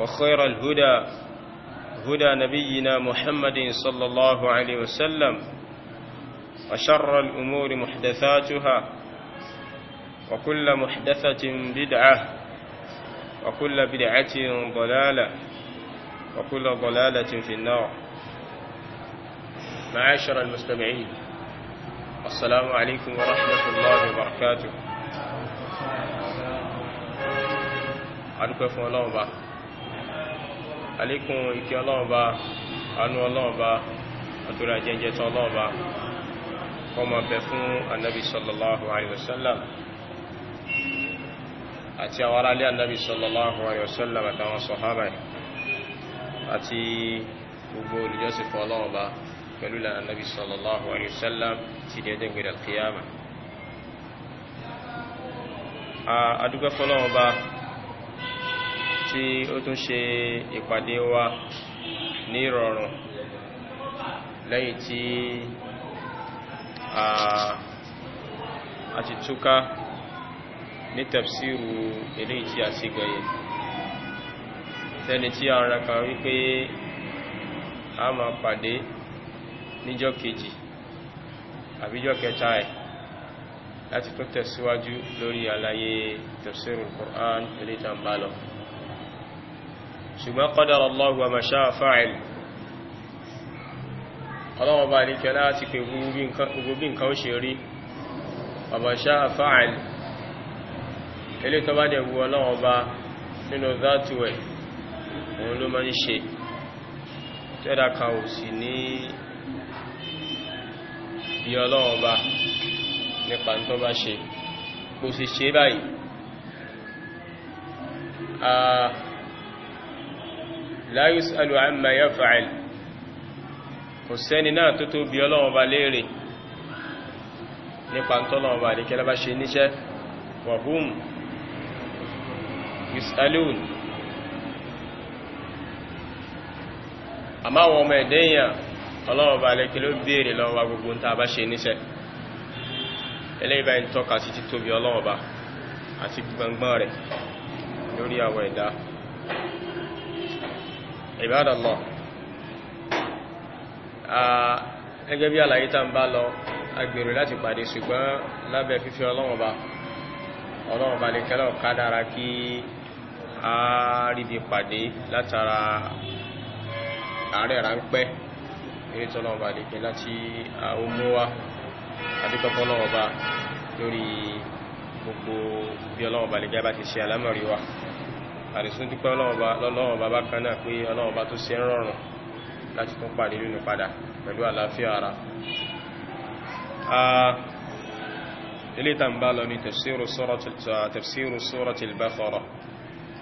وخير الهدى هدى نبينا محمد صلى الله عليه وسلم وشر الأمور محدثاتها وكل محدثة بدعة وكل بدعة ضلالة وكل ضلالة في النار معاشر المستمعين السلام عليكم ورحمة الله وبركاته ورحمة الله وبركاته àlékún ìkẹ́ ọlọ́run bá anú ọlọ́run bá àtúrà jẹ́jẹ́ tán ọlọ́run bá kó máa bẹ fún anábì sallallahu alayhi wa sallam àti àwọn aráalé anábì sallallahu alayhi wa sallam àtàwọn sọ̀hábà àti gbogbo olùjọ́sìn fún ọlọ́run bá pẹ̀lú ìlànà anábì sallallahu alayhi wa ti di ẹjẹ́ kíyàmà tí ó tún ṣe ìpàdé wa ní ìrọ̀rùn lẹ́yìn tí a ti túká ní tafsiru eléyìí tí a sì gbẹ̀yẹ̀ tẹ́ni tí a rẹ̀ kan wípé a máa pàdé níjọ́ kejì àbíjọ́ kẹta ẹ̀ láti tó tẹ̀síwájú lórí àlàyé tafsirul Qur'an eléyìí tá ń ṣùgbọ́n qadara Allah wa ma sha'a fa'il ọlọ́wọ́ bá ní kẹ láti pé gbogbo nǹkan ṣe rí wa ma sha'a fa'il ilé tó bá dẹ̀ wu ọlọ́wọ́ bá nínú dátúwẹ̀ òun ló máa ń ṣe tẹ́dà kan ní bí ọlọ́wọ́ bá nípa tó bá ṣe kò sì ṣe báyìí ah, la yus'alu amma yaf'al kò sẹ́ni náà tó tó bí ọlọ́wọ́ bá léèrè nípa tọ́lọ́wọ́ bá lékẹ́lá bá ṣe níṣẹ́ wa hum yus'alun àmá àwọn ọmọ ẹ̀dẹ́yàn ọlọ́wọ́ bá lékẹ́lá béèrè lọ́wọ́ gbogbo ń ta ṣe níṣẹ́ ẹlẹ́yìn tọ́ka sí títóbi ọlọ́wọ́ bá àti gbọ̀ngbọ̀n rẹ̀ lórí àwọn ẹ̀dá ìbáàdà lọ ẹgẹ́ bí àlàyé tá ń bá lọ agbèrò láti pàdé ṣùgbọ́n lábẹ́ fífí ọlọ́wọ̀nba ọlọ́wọ̀nba lè kẹ́lọ̀ kí a ríbi pàdé látara ààrẹ ránpẹ́ eré tọ́lọ́wọ̀nba láti àwọmúwá lórí gbogbo bí bá ti ṣe àdìsún dúpẹ́ lọ́lọ́wọ́n bàbá kan náà pé ọlọ́wọ́n bá tó ṣe ń rọrùn láti tún pàdé lónìí padà pẹ̀lú àlàáfíà ara ilé tàn bá lọ ní tafsiru suratul baqara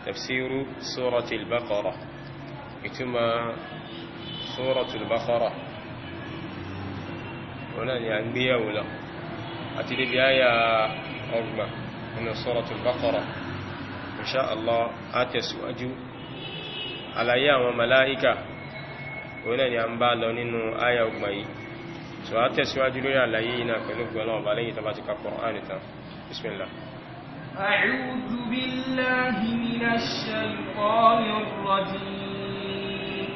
tafsiru suratul baqara ìtumọ̀ suratul baqara wọn náà ni a ń gbéyàwó lọ àti débi áyà ọgbà nínú suratul baqara insha Allah á tẹ̀síwájú àlàyé àwọn màláíkà òun náà ni a ń bá lọ nínú àyà ọgbà yìí so á tẹ̀síwájú lórí àlàyé yìí náà pẹ̀lú gbọ́nà ọba lẹ́yìn tàbátí kapọ̀ ánìtàn bismillah بالله من الشيطان الرجيم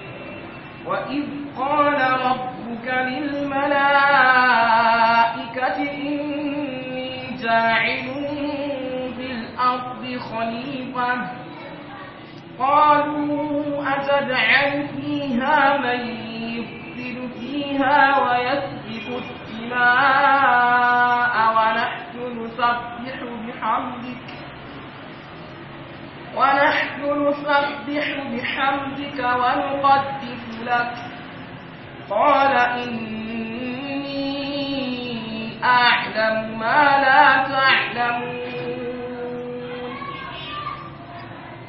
وإذ قال ربك للملائكة إني جاعل الأرض خليفة قالوا أتجعل فيها من يفسد فيها ويسفك الدماء ونحن نسبح بحمدك ونحن نسبح بحمدك ونقدس لك قال إني أعلم ما لا تعلمون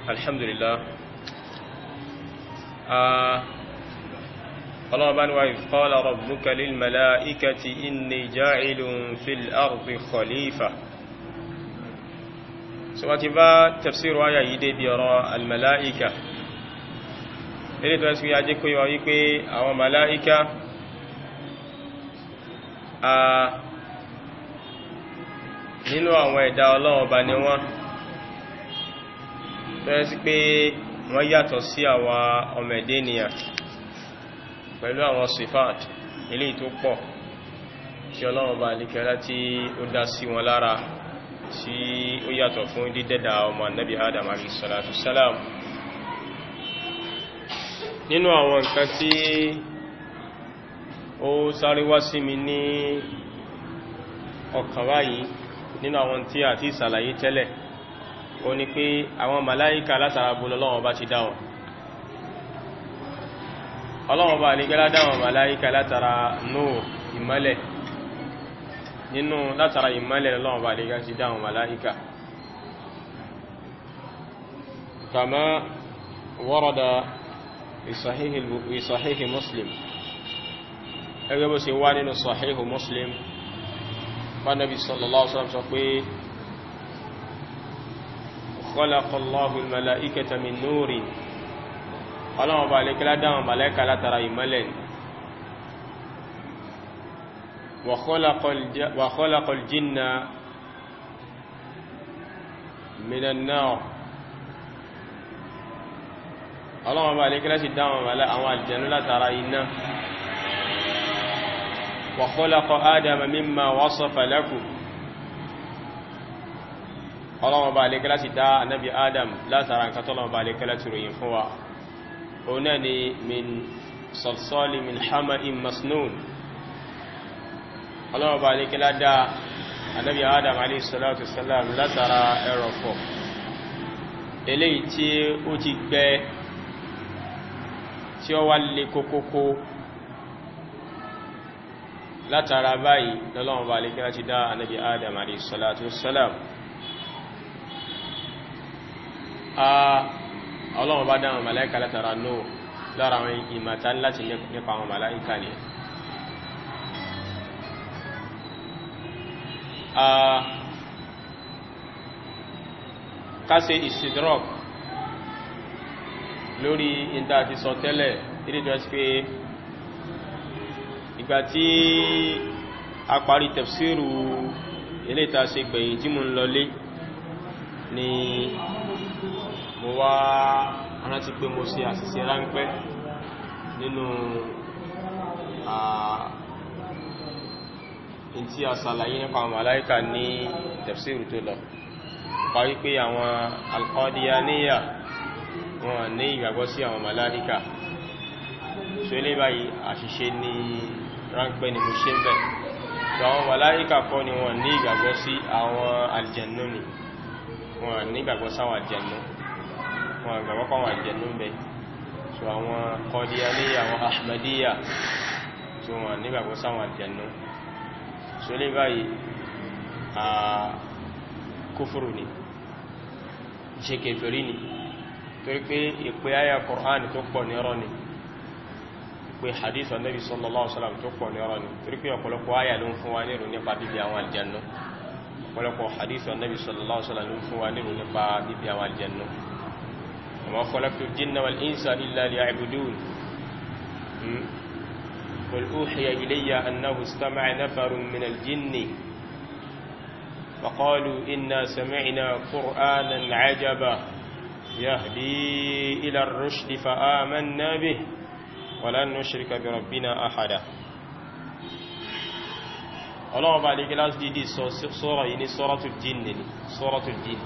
alhamdulillah ah, ọlọ́ọ̀bá ni wà qala rabbuka lil mala'ikati inni ja'ilun fil ardi khalifa so wá ti bá tafsiru ayà yìí dé bí ọ̀rọ̀ almala'ika ilé tó ẹsùn yá jẹ́ kó yíwa wípé àwọn mala'ika ah, nínú àwọn ẹ̀dá Ọlọ́run ọba ni wọ́n tẹ́rẹ sí pé wọ́n yàtọ̀ sí àwa ọmọ pẹ̀lú àwọn sifat ilé tó pọ̀ tí ọlọ́run bá níkẹ́ láti ó dá sí wọn lára tí ó yàtọ̀ fún dídẹ́dà ọmọ annabi adam nínú àwọn nǹkan tí ó mi ní ọkàn nínú àwọn tí àti ìsàlàyé ó ní pé àwọn màláíkà látara bó lọ́wọ́n bá ti dáwọn ọlọ́wọ́n bá ní gẹ́lá dáwọn màláíkà látara nóò ìmọ́lẹ̀ nínú látara ìmọ́lẹ̀ lọ́wọ́n bá ní gẹ́lá ti dáwọn màláíkà kama warada ìsàhíhì muslim ẹgbẹ́ bó ṣe wá nínú sàhíhì muslim bá nabi sallallahu alaihi wasallam sọ pé خلق الله الملائكة من نور ọlọ́run bá lè kílá dáhùn màlẹ́kà látara ìmọ́lẹ̀ ni wa khalaqa al-jinna minan nar ọlọ́run bá lè kílá sí dáhùn màlẹ́ àwọn àlùjànnú látara iná wa khalaqa Adama mimma ọlọ́wọ́ bá lékẹ́lá sì dá anábi adam látara nǹkan tọ́lọ́wọ́ bá lékẹ́lá ti ròyìn fún wa o náà ni min sọ̀sọ́lì min hama in masnun ọlọ́wọ́ bá lékẹ́lá dá anábi adam aleyhisalatu salam látara ẹrọ̀fọ̀ eléyìí tí ó ti gbẹ tí ó wá lè kókókó látara báyìí lọ́lọ́wọ́ bá lékẹ́lá ti dá anábi adam aleyhisalatu salam ọlọ́run bá dáwọn màláìkà látara no lára àwọn ìmàta láti nípa àwọn màláìkà ni kásẹ̀ ìṣìdrọ́p lórí ìdá àti sọ tẹ́lẹ̀ ìrìnjọ́ sí pé ìgbà tí a parí tafsiru ilé ìta tí mo ń lọlé ni mo wá rántí pé mo ṣe àṣìṣe ráńpẹ́ nínú in tí a sàlàyé nípa màláíkà ní tafsir tó lọ pa wípé àwọn al-Qadiyaniyya wọn ní ìgbàgbọ́ sí àwọn màláíkà so ilé báyìí àṣìṣe ní ráńpẹ́ ni mo ṣe ń bẹ̀ àwọn màláíkà kọ́ ni wọ́n ní ìgbàgbọ́ sí àwọn àlìjẹ̀nú ni wọ́n ní ìgbàgbọ́ sáwọn àlìjẹ̀nú wọn àgbàgbọ́ pa àwọn àjẹ̀nú ń bẹ so àwọn kọdíyàníyà àwọn ahmadiyya so wọn nígbàgbọ́ sáwọn àjẹ̀nú so lè báyìí a kúfùrù ni ṣe kèfèrí ni torí pé ìpé ayà Kùránì tó pọ̀ ní ọ̀rọ̀ ni ìpé hadith sallallahu alaihi wasallam tó pọ̀ ni torí pé ọ̀pọ̀lọpọ̀ ayà ló ń fún wa nírò nípa bíbí àwọn hadith Ànábì sallallahu alaihi wasallam ló ń fún wa وما خلقت الجن والإنس إلا ليعبدون قل أوحي إلي أنه استمع نفر من الجن فقالوا إنا سمعنا قرآنا عجبا يهدي إلى الرشد فآمنا به ولن نشرك بربنا أحدا ọlọ́run bá lè gílásì dìdí sọ́rọ̀ yìí ní sọ́rọ̀tù dínì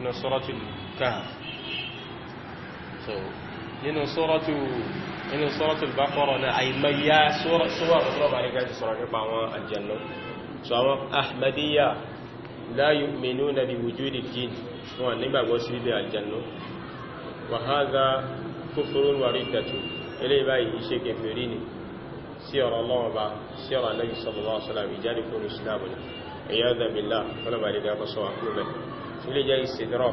nínú sọ́rọ́tù Kahf so nínú sọ́rọ́tù nínú sọ́rọ́tù Baqara náà àìmọ̀yá sọ́rọ̀ la yu'minuna bi wujudi jin wọn nígbàgbọ́ sí ilẹ̀ aljannu wa hadha kufrun wa riddatu ilé báyìí iṣẹ́ kèfèrí ni sí ọ̀rọ̀ lọ́wọ́ba sí ọ̀rọ̀ Ànábì sallallahu alaihi wasallam ìjáde kúrò islamu ni ẹ̀yà ọ̀dà billah fọ́nà bá rí ilé jẹ́ ìsìnrọ̀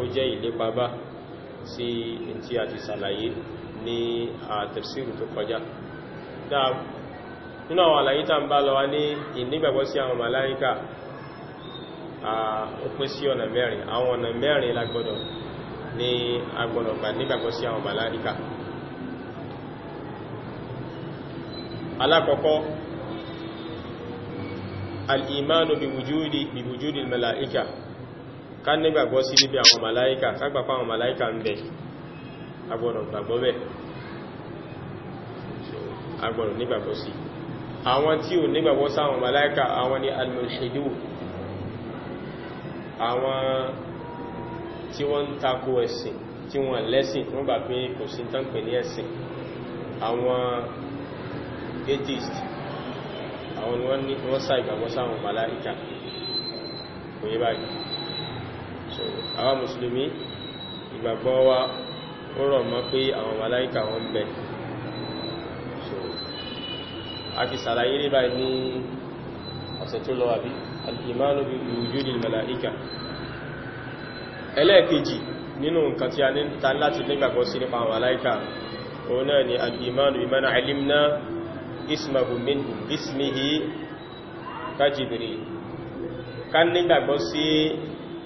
ó jẹ́ ìlépabá sí tí a ti sàlàyé ní àtẹ̀síru tó kọjá dáa nínú àwọn àlàyé tàà ń bá lọ wá ní ìnígbàgbọ́ sí àwọn màláíkà ó pín sí ọ̀nà mẹ́rin àwọn ọ̀nà mẹ́rin lágbọ́dọ̀ ní agbọ̀nọ̀gbà nígbàgbọ́ sí àwọn màláíkà alákọ̀ọ́kọ́ al-imanu bi wujudi bi malaika ká nígbàgbọ́ sí níbi àwọn màláíkà kágbàpá àwọn màláíkà ń bẹ agbọ́nà gbàgbọ́ bẹ̀ agbọ́nà nígbàgbọ́ sí àwọn tí ò nígbàgbọ́ sáwọn màláíkà àwọn ni al-mulhidu àwọn tí wọ́n ń tako ẹ̀sìn tí wọ́n lẹ́sìn wọ́n gbà pé kò sí tán pè ní ẹ̀sìn àwọn atheist àwọn ni wọ́n sá ìgbàgbọ́ sáwọn màláíkà kò yé báyìí so àwọn mùsùlùmí ìgbàgbọ́ wa ó rọ̀ mọ́ pé àwọn màláíkà wọ́n bẹ so a ti sàlàyé rí báyìí ní ọ̀sẹ̀ tó lọ àbí al-imanu bi wujudil màláíkà ẹlẹ́ẹ̀kejì nínú nǹkan tí a ní ta láti nígbàgbọ́ sí nípa àwọn màláíkà òun náà ni al-imanu bi man alimna ismahu minhu ismihi kajibiri, Jibril ká nígbàgbọ́ sí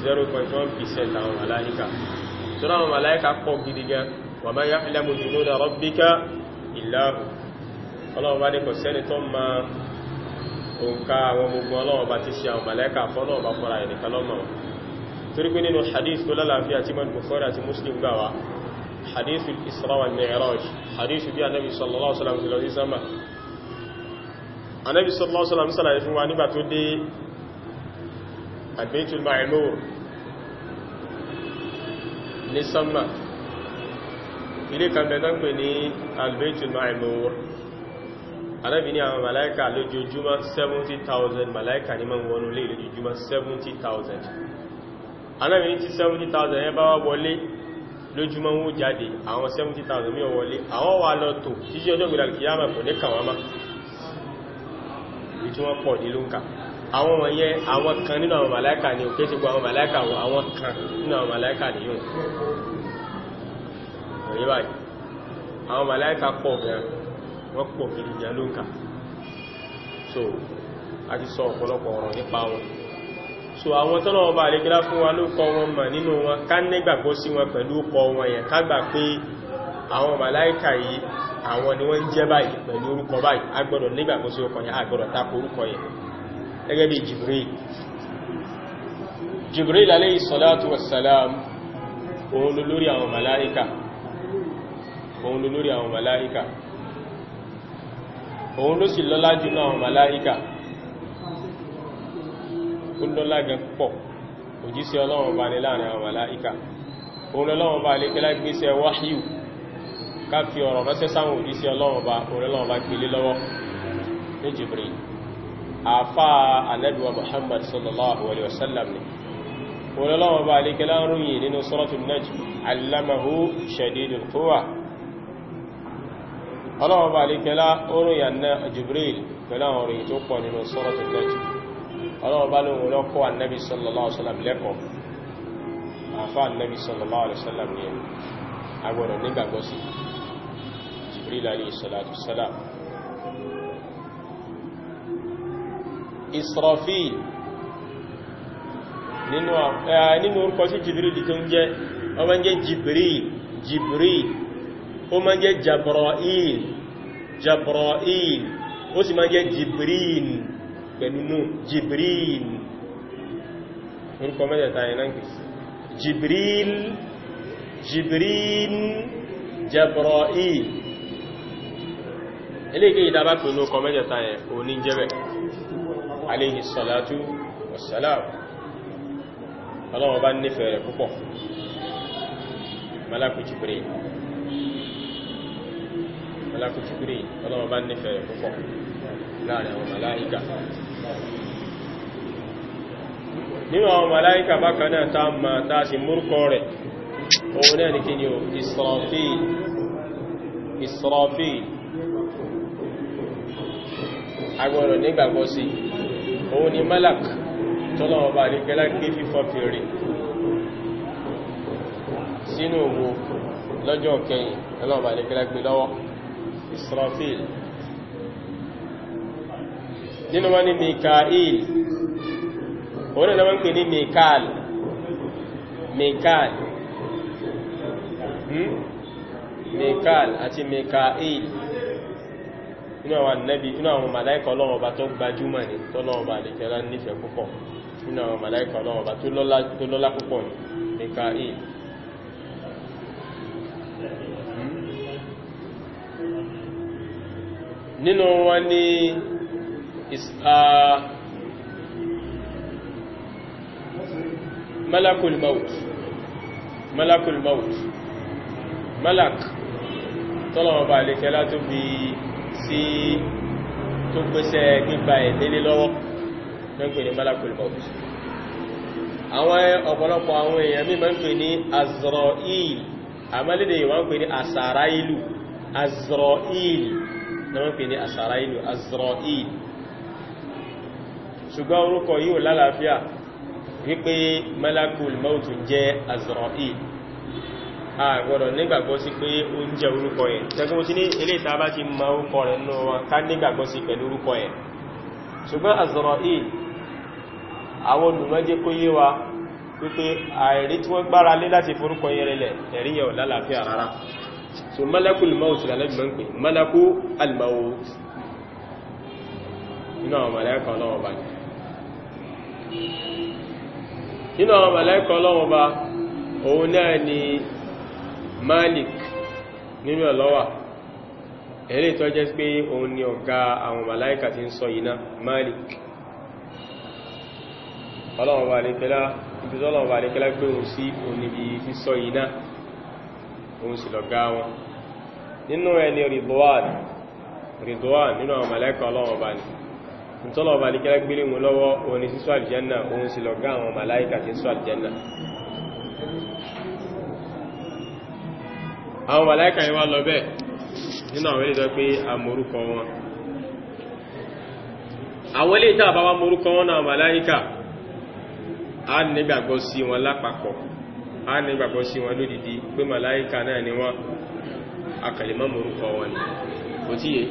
0.1% àwọn màláíkà sọ́rọ̀ àwọn màláíkà pọ̀ gidi gan wà máa ya'lamu junuda rabbika illa hu ọlọ́run bá ní kò sẹ́ni tó ma òǹkà àwọn gbogbo ọlọ́run bá ti ṣe àwọn màláíkà fọ́lọ́run bá fọ́ra ẹ̀nìkan lọ́mọ torí pé nínú hadith tó lálàáfíà tí mọ́ Bukhari àti Muslim gbà wá hadith al Al-Baytul Ma'mur ní sánmà ilé kan bẹ̀ tán pè ní Al-Baytul Ma'mur anábi ní àwọn màláíkà lójoojúmọ́ 70,000 màláíkà ní mọ́ wọnú lè lójoojúmọ́ 70,000 anábi ní ti 70,000 yẹn bá wá wọlé lójúmọ́ wó jáde àwọn 70,000 mí wọlé àwọn wà lọ tó tí sí ọjọ́ gbìdàkìyàmà kò ní kàwàmá ìtí wọ́n pọ̀ nílùú kàwàmá àwọn wọ̀nyẹ àwọn kan nínú àwọn màláìkà ni òkè ti gbọ́ àwọn màláìkà wọ kan nínú àwọn màláìkà ni yóò òye báyìí àwọn màláìkà pọ̀ gan wọ́n pọ̀ gidi jẹ́ lóǹkà so a ti sọ ọ̀pọ̀lọpọ̀ ọ̀rọ̀ nípa wọn so àwọn tọ́nà ọba àríkílá fún wa ló kọ wọn mà nínú wọn ká nígbàgbọ́ sí wọn pẹ̀lú kọ wọn yẹn ká gbà pé àwọn màláìkà yìí àwọn ni wọ́n ń jẹ́ báyìí pẹ̀lú orúkọ báyìí a nígbàgbọ́ sí orúkọ yẹn a tako orúkọ yẹn gẹ́gẹ́ bí Jibril Jibril alayhi salatu wassalam òun ló lórí àwọn màláíkà òun ló lórí àwọn màláíkà òun ló sì lọ́lá jù náà àwọn màláíkà ó lọ́lá gan pọ̀ òjíṣẹ́ ọlọ́run bá ní láàrin àwọn màláíkà òun lọ́lọ́run bá lè kẹ́lá gbéṣẹ́ wáhíù ká fi ọ̀rọ̀ ránṣẹ́ sáwọn òjíṣẹ́ ọlọ́run bá gbélé lọ́wọ́ ní Jibril àfá ànábíwa muhammad sallallahu alaihi wasallam ni olóòwò bá lè kẹlá ròyìn nínú suratul najm allamahu shadidul quwa olóòwò bá lè kẹlá orin anna jibril pẹ̀lá orin tó pọ̀ nínú suratul najm olóòwò bá lè wọ́n kọ́ annabi sallallahu alaihi wasallam lẹ́kọ̀ọ́ àfá annabi sallallahu alaihi wasallam ni agbọ̀dọ̀ nígbàgbọ́sí Israfil nínú orúkọ sí Jibril tó ń jẹ́ ó máa ń jẹ́ Jibril Jibril ó máa ń jẹ́ Jabra'il Jabra'il ó sì máa ń jẹ́ Jibril pẹ̀lú nù Jibril orúkọ mẹ́tẹ̀ta ìnáǹkì Jibril Jibril Jabra'il eléyìí ìdábà pẹ̀lú ọkọ̀ mẹ́tẹ̀ta ẹ̀ òní jẹ́bẹ̀ aléhì sọ́látú wàsálàm ọlọ́wọ́ bá nífẹ̀ẹ́ rẹ̀ púpọ̀ malakú jibril malakú jibril ọlọ́wọ́ bá nífẹ̀ẹ́ rẹ̀ púpọ̀ láàrin àwọn màláíkà nínú àwọn màláíkà bákanáà ta ma ta sì múrkọ rẹ̀ òun náà ní kí ni o Israfil nígbàgbọ́ sí i òun ni malak tọ́lọ́wọ́ bá nígbẹ́lá gbé fífọ́ fèrè sínú òwò lọ́jọ́ kẹyìn tọ́lọ́wọ́ bá nígbẹ́lá gbé lọ́wọ́ Israfil nínú wọn ni Mikael òun ni wọ́n pè ní Mikael Mika'il. Hmm? Mikael àti Mikael inú àwọn ànábì inú àwọn màláìkà ọlọ́run ọba tó gbajúmọ̀ ní tọ́lọ́run ọba àlejò ẹlá nífẹ̀ẹ́ púpọ̀ inú àwọn màláìkà ọlọ́run ọba tó lọ́lá púpọ̀ ní nǹka e nínú wọn ni malakul maut malakul maut malak tọ́lọ́run ọba àlejò ẹlá tó fi sí tó pèsè gbígba ẹ̀dẹ́lé lọ́wọ́ lọ́gbẹ̀ ní malakul maut àwọn ọ̀pọ̀lọpọ̀ àwọn èèyàn mímọ̀ ń pè ní azrael àmọ́lédè wọ́n pè ní asarailu azrael na wọ́n pè ní asarailu azrael ṣùgbọ́n orúkọ yíò lálàáfíà wípé malakul maut jẹ́ azrael a gbọ́dọ̀ nígbàgbọ́ sí pé ó ń jẹ orúkọ yẹn tẹ́gbẹ́ mo ti ní ilé ìta bá ti ma orúkọ rẹ̀ nínú wọn ká nígbàgbọ́ sí pẹ̀lú orúkọ yẹn ṣùgbọ́n àzọ̀rọ̀ yìí àwọn olùmọ́jẹ́ kó yé wa wípé àìrí tí wọ́n gbára lé láti forúkọ yẹn rẹ̀ ẹ̀rí yẹn ò lálàáfíà rárá so malakul maut la nabi man pe malaku al maut ina àwọn malaika Ọlọ́run ba ina àwọn òun náà ni malik nínú ẹ̀lọ́wà ẹ̀lẹ́ tó jẹ́ pé òun ni ọ̀gá àwọn màláìkà tí ń sọ iná malik ọlọ́run wà ní kẹlá ìbìtọ́lọ́run wà ní kẹlá pé òun sí òun níbi tí sọ iná òun sì lọ̀gá wọn nínú ẹni ridwan ridwan nínú àwọn màláìkà ọlọ́run wà ní ìtọ́lọ́run wà ní kẹlá gbílé wọn lọ́wọ́ òun ni sísọ àlìjẹ́nà òun sì lọ̀gá àwọn àwọn màláìkà yẹn wá lọ bẹ́ẹ̀ nínú àwọn ilé pé a morúkọ wọn àwọn ilé ìta àbáwá wọn náà a nígbàgbọ́ sí wọn lápapọ̀ a nígbàgbọ́ sí wọn lódìdí pé màláìkà náà ni wọ́n akàlẹ̀mọ́ morúkọ wọn ni kò tíye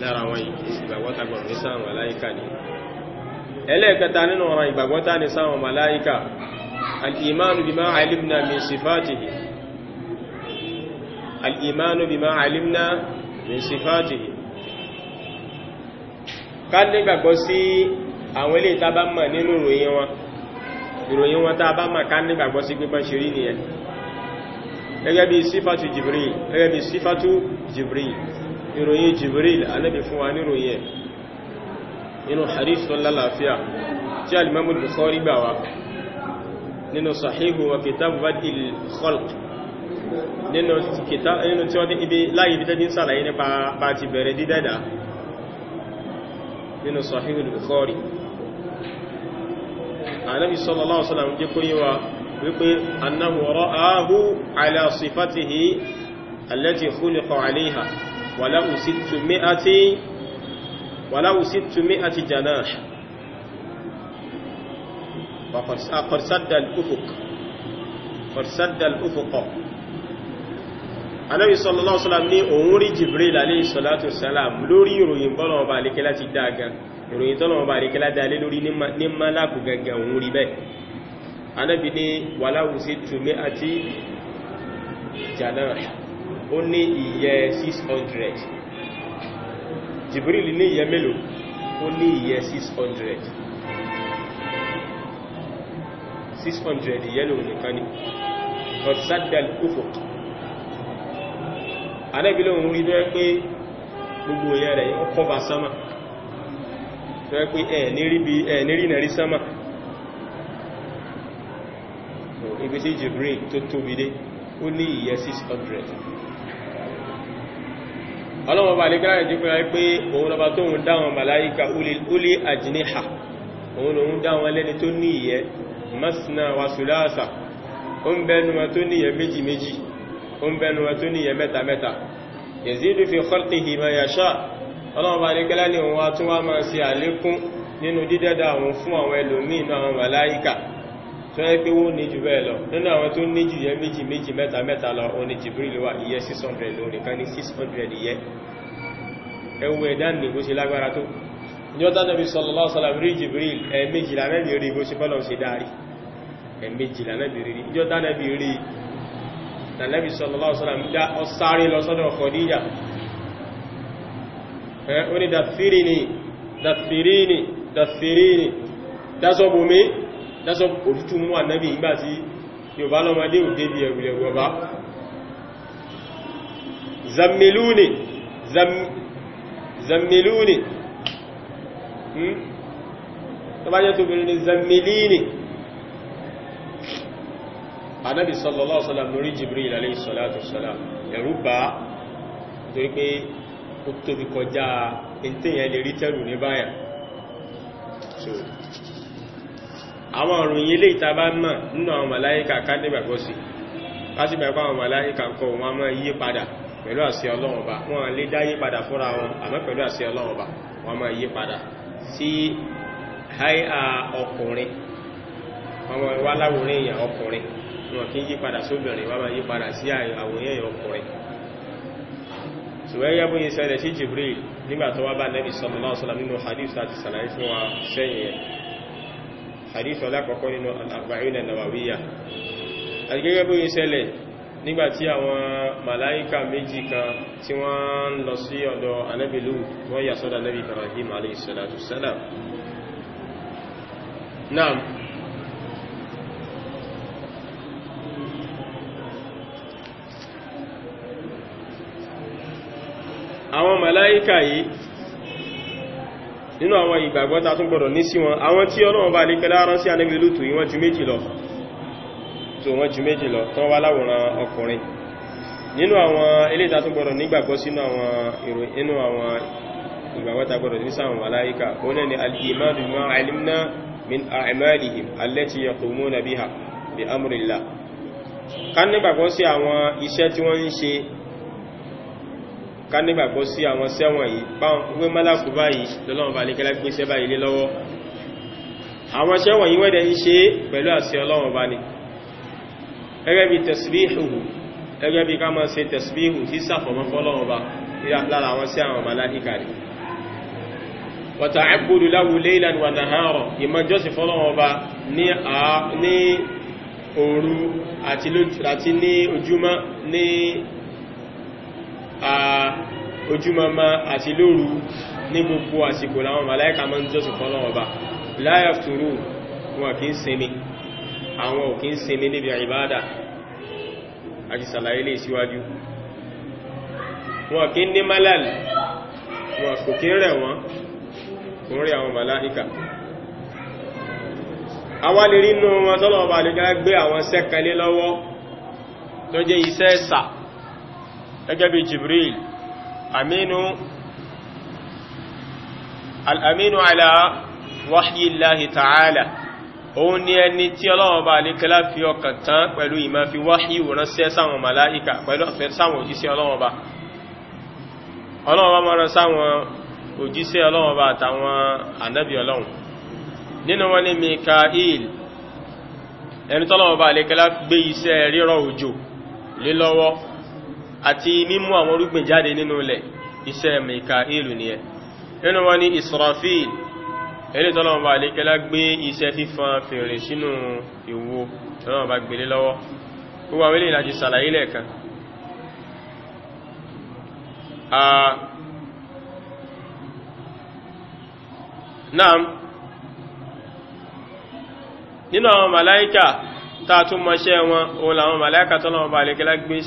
lára wọn ni ìgbàgbọ́ta al'imanu bí máa alimna min sifati ká ní gbàgbọ́ sí àwọn ilé ìtaba mọ̀ nínú ìròyìn wọn ìròyìn wọn tàbá mọ̀ ká ní gbàgbọ́ sí pípọ́n ṣe rí nìyẹn gẹ́gẹ́ bí sífàtú jibril gẹ́gẹ́ bí sífàtú jibril ìròyìn jibril anábì fún wa níròyìn ẹ̀ inú nínú nínú tìkítà nínú tí wọ́n ibi láyé ibi tẹ́jú sàlàyé nípa bá ti bẹ̀rẹ̀ dídẹ́dà nínú Sahihul Bukhari Ànábì sallallahu alaihi wasallam jẹ́ kó yé wa wípé annahu ra'ahu ala sifatihi allati khuliqa 'alayha walahu sittu mi'ati walahu sittu anábi sallallahu alaihi wasallam ní òun rí jibril alayhi salatu salam lórí ìròyìn bọ́lọ̀wọ́ bá alékẹ́ láti dáaga ìròyìn tọ́lọ̀wọ́ bá alékẹ́ láti alé lórí ní mọ́láàkù gangan òun rí bẹ́ẹ̀ anábi ní wàláwù sí túnmé àti janaah ó ní ìyẹ́ 600 jibril ní ìyẹ́ mélòó ó ní ìyẹ́ 600 600 ìyẹ́ lòun nìkan ni ọ̀sádàl ufuq anẹ́bí lóhun rí bẹ́ẹ̀ pé gbogbo èèyàn rẹ̀ yíò kọ́ bá sánmà bẹ́ẹ̀ pé ẹ̀ sánmà ibi tí tó tóbi dé ó ní ìyẹ́ 600 ọlọ́wọ́ bá lè gbáyẹ̀ jí pé òun tó ń dáwọn òun lòun dáwọn tó ní ìyẹ́ ó ń bẹnu ẹ tó níyẹ mẹ́ta mẹ́ta yazidu fi khalqihi ma yasha ọlọ́run bá ní kẹ́lá ní òun wá tún wá máa ṣe àlékún nínú dídẹ́dà òun fún àwọn ẹlòmíì náà àwọn màláíkà tó yẹ pé wọ́n ní jù bẹ́ẹ̀ lọ nínú àwọn tó ní jù yẹ méjì méjì mẹ́ta mẹ́ta lọ òun ni Jibril wà ìyẹ 600 lórí lànàbí sallallahu alaihi wasallam dá ọsáré lọ sọ́dọ̀ Khadija ẹ́ ó ní dàfíríni dàfíríni dàfíríni dásọ́bùnmí dásọ́bù òtútù mú ànàbí ìgbà tí yóò bá lọ́mọdé ò débi ẹ̀rùlẹ̀ wọ̀bá zammiluni hmm? anábì sallallahu alaihi wasallam lórí Jibril alayhi salatu wassalam ẹ̀rù bá torí pé ó tóbi kọjá ẹntẹ́yẹn lè rí tẹ́rù ní báyà àwọn òròyìn ilé ìta bá mọ̀ nínú àwọn màláíkà ká aka sí láti bẹ̀rẹ̀ àwọn màláíkà ń kọ wọn a padà pẹ̀lú wọn kí ń yí padà sóbìnrin wọ́n máa yí padà sí àwòyẹ́ ọkùnrin ṣùgbọ́n yẹ́bùn yìí ṣẹlẹ̀ sí Jibril nígbà tó wá bá Nabi sallallahu alaihi wasallam nínú hadith láti Naam àwọn màláíkà yìí nínú àwọn ìgbàgbọ́ ta tún gbọ́dọ̀ ní sí wọn àwọn tí Ọlọ́run bá lékẹ́lá rán sí Ànábì Lútù yìí wọ́n ju méjì lọ tó wọ́n ju méjì lọ tán wá láwòrán ọkùnrin nínú àwọn eléta tún gbọ́dọ̀ nígbàgbọ́ sínú àwọn ìgbàgbọ́ ká nígbàgbọ́ sí àwọn sẹ́wọ̀n yìí báwọn wé mọ́láàkù báyìí lọ́lọ́run bá lékẹ́lá gbé sẹ́bà ilé lọ́wọ́ àwọn sẹ́wọ̀n yìí wẹ́dẹ̀ ń ṣe pẹ̀lú àṣẹ ọlọ́run bá ní gẹ́gẹ́ bí tẹ̀síbíhù gẹ́gẹ́ bí ká máa ṣe tẹ̀síbíhù sí sàfọ̀mọ́ fọ́lọ́run bá lára àwọn sí àwọn màláìkà rẹ̀ wọ̀tà ẹ̀kùdù láwù léìlàn wà nàhárọ̀ ojúmọmọ àti lóru ní gbogbo àsìkò láwọn màláíkà mọ́ ń jọ́sùn fọ́lọ́ ọba la yafturu wọn kì í sinmi àwọn ò kì í sinmi níbi ìbádà àti sàlàyé lè síwájú wọn kì í ní malal wọn kò kí rẹ̀ wọn kò rí àwọn màláíkà àwọn lè rí inú wọn tọ́lọ̀ ọba lè gbé àwọn sẹ́kẹ̀lé lọ́wọ́ tó jẹ́ iṣẹ́ sà gẹ́gẹ́ bí jibril aminu al'aminu ala wahyi Allahi ta'ala òun ni ẹni tí ọlọ́wọ́n bá ní kẹlá fi ọkàn tán pẹ̀lú ìmá fi wáhí ìwòránṣẹ́ sáwọn màláìkà pẹ̀lú ọ̀fẹ́ sáwọn òjíṣẹ́ ọlọ́wọ́n bá ọlọ́wọ́n bá mọ́rán sáwọn òjíṣẹ́ ọlọ́wọ́n bá àtàwọn ànábì ọlọ́wọ́n nínú wọn ẹni tọ́lọ́wọ́n bá ní kẹlá gbé iṣẹ́ rírọ̀ òjò lé àti mímú àwọn orúgbìn jáde nínú ilẹ̀ iṣẹ́ Mika'ilu ni ẹ nínú wọn ni Israfil ẹlẹ́ tọ́lọ́wọ́ alékẹ́lá gbé iṣẹ́ fífan fèrè sínú ìwo tọ́lọ́wọ́ bá gbélé lọ́wọ́ gbogbo àwọn ilé sàlàyé lẹ́ẹ̀kan nínú àwọn màláíkà tààtún mọ́ ṣẹ́ wọn òun làwọn màláìkà tó lọ́wọ́ bá lẹ́kẹ́lá gbé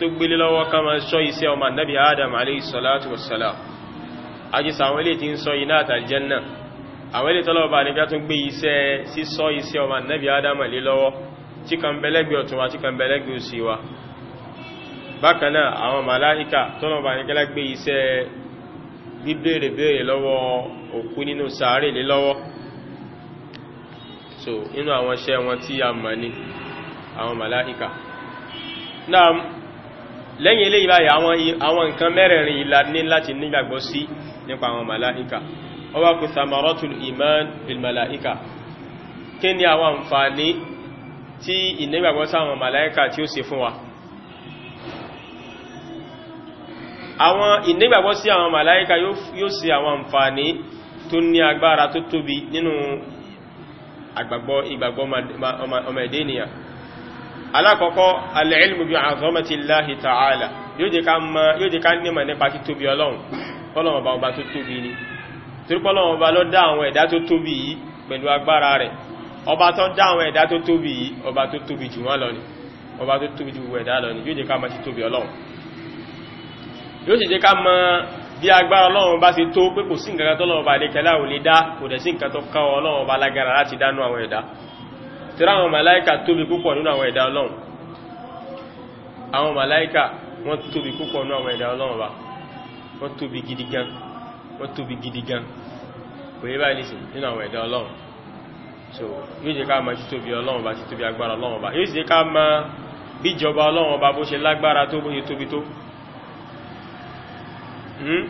tó gbélé lọ́wọ́ ká ma ṣọ́ iṣẹ́ ọmọ nábi adam aléìsọ́látù wọ̀sọ́lá àjíṣà àwọn ilé tí ń sọ iná àtàlìjẹ́nà àwọn ilé tọ́lọ́wọ́ bá lẹ́kẹ́lá tó gbé iṣẹ́ sísọ iṣẹ́ ọmọ nábi adam lé lọ́wọ́ tí kan bẹ̀lẹ́gbẹ̀ ọ̀tún wa tí kan so inú àwọn iṣẹ́ wọn tí a mọ̀ ní àwọn màláìkà náà lẹ́yìn eléyìí báyìí àwọn nǹkan mẹ́rẹ̀ẹ̀rin ìlà ní láti nígbàgbọ́ sí nípa àwọn màláìkà ó wá kù samaratul iman bil màláìkà kí ni àwọn àǹfààní tí ìnígbàgbọ́ sáwọn màláìkà tí ó ṣe fún wa àwọn ìnígbàgbọ́ sí àwọn màláìkà yóò ṣe àwọn àǹfààní tó ní agbára tó tóbi nínú àgbàgbọ́ ìgbàgbọ́ ọmọ ẹ̀dẹ́ ènìyàn alákọ̀ọ́kọ́ al-ilmu bi 'azamatillahi ta'ala yóò jẹ́ ká nímọ̀ nípa títóbi ọlọ́run ọlọ́run ọba ọba tó tóbi ni torípọ́ ọlọ́run ọba ló dá àwọn ẹ̀dá tó tóbi yìí pẹ̀lú agbára rẹ̀ ọba tó dá àwọn ẹ̀dá tó tóbi yìí yóò jẹ́ ká mọ̀ títóbi ọlọ́run yóò jẹ́ ká mọ̀ bí agbára ọlọ́run bá ṣe tó pé kò sí nǹkan tó lọ́wọ́ bá lè kẹlá ò lè dá kò dẹ̀ sí nǹkan tó káwọ́ ọlọ́run bá lágara láti dánú àwọn ẹ̀dá tíra àwọn màláìkà tóbi púpọ̀ nínú àwọn ẹ̀dá ọlọ́run bá wọ́n so yóò jẹ́ ká máa títóbi ọlọ́run bá títóbi agbára ọlọ́run bá yóò sì jẹ́ ká máa bíjọba ọlọ́run bá bó ṣe lágbára tó bó ṣe tóbi tó Hmm?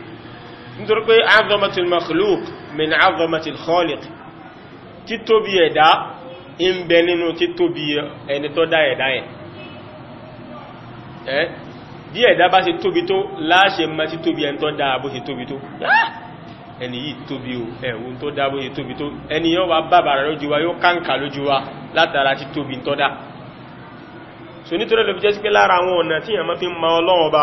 nítorí pé azọmatil makhluk min azọmatil khaliq títóbi ẹ̀dá ń bẹ nínú títóbi ẹni tó dá ẹ̀dá ẹ̀ bí ẹ̀dá bá ṣe tóbi tó láṣẹ ma ti tóbi ẹni tó dá bó ṣe tóbi tó ẹni yìí tóbi o ẹ̀wọ̀n tó dá bó ṣe tóbi tó ẹni yóò wá bàbàrà lójú wa yóò káǹkà lójú wa látara ti tóbi tó dá so nítorí lóbi jẹ́ sí pé lára àwọn ọ̀nà tí yàn má fi ma ọlọ́wọ́ ba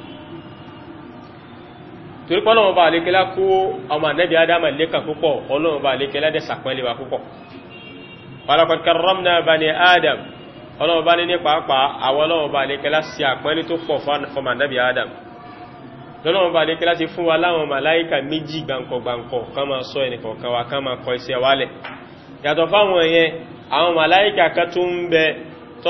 torí pọ́ lọ́wọ́ bá alékẹ́lá kó ọmọ ànẹ́bí adama léka púpọ̀ ọlọ́wọ́ bá alékẹ́lá dẹ̀ sàpẹ́lẹ̀ wa púpọ̀ walaqad karramna bani adam ọlọ́wọ́ bá ní ní pàápàá àwọn ọlọ́wọ́ bá alékẹ́lá sí àpẹ́lẹ̀ tó pọ̀ adam lọ́wọ́ bá alékẹ́lá ti fún wa láwọn màláìka méjì gbàǹkọ̀gbàǹkọ̀ ká máa sọ ẹnìkọ̀ọ̀kan wa ká máa kọ iṣẹ́ wálẹ̀ yàtọ̀ fáwọn yẹn àwọn màláìka kan tó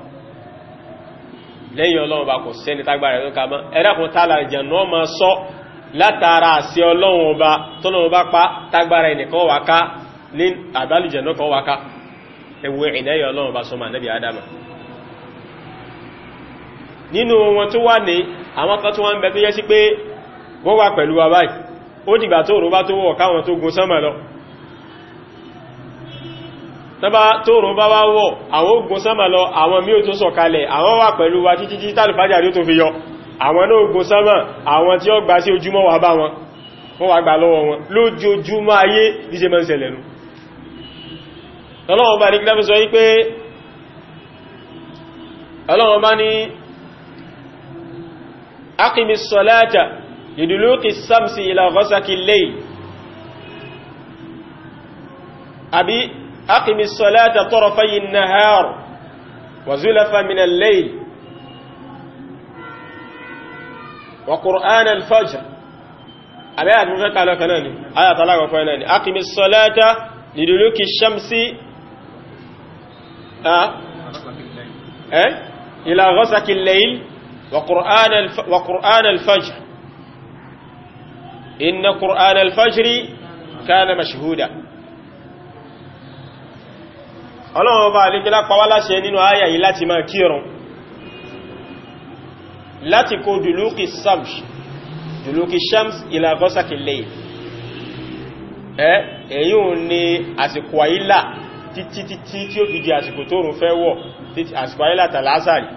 lẹ́yìn ọlọ́run bá kò sẹ́ni tágbàrà ẹ̀rọ ká mọ́ ẹ̀dàkùn tààlà ìjànà ọmọ sọ látara àṣẹ ọlọ́run ọba tọ́lọ́run bá pa tágbàrà ẹnìkan wà ká ní àbálùjẹ̀nà kan wà ká ẹ̀wọ̀ ìnáyọ̀ ọlọ́run bá sọmọ ànábì ádámà nínú wọn tó wà ní àwọn kan tó wà ń bẹ tó yẹ sí pé wọ́n wà tóòrùn bá wá wọ̀ àwọn ogun sánmà lọ àwọn mí ò tó sọ̀kalẹ̀ àwọn wà pẹ̀lú wa títí tí tàlùfájà rí ó tó fi yọ àwọn náà ogun sánmà àwọn tí ó gbà sí ojúmọ́ wà bá wọn wọ́n wà gbà lọ́wọ́ wọn lójoojúmọ́ أقم الصلاة طرفي النهار وزلفا من الليل وقرآن الفجر أبي تقول لك كناني آية طلاق وفناني أقم الصلاة لدلوك الشمس إيه؟ إلى غسك الليل وقرآن, الف... وقرآن الفجر إن قرآن الفجر كان مشهودا ọlọ́run ọba àlékẹ́lá pàwá láṣẹ nínú ayà yìí láti máa kírun láti kó dùlúkì sams dùlúkì shams ìlàgọ́sàkìlẹ̀ ẹ̀ èyí ò ní àsìkò àyílà títí títí tí ó fi di àsìkò tó rùn fẹ́ wọ̀ àsìkò àyílà tàlásàrì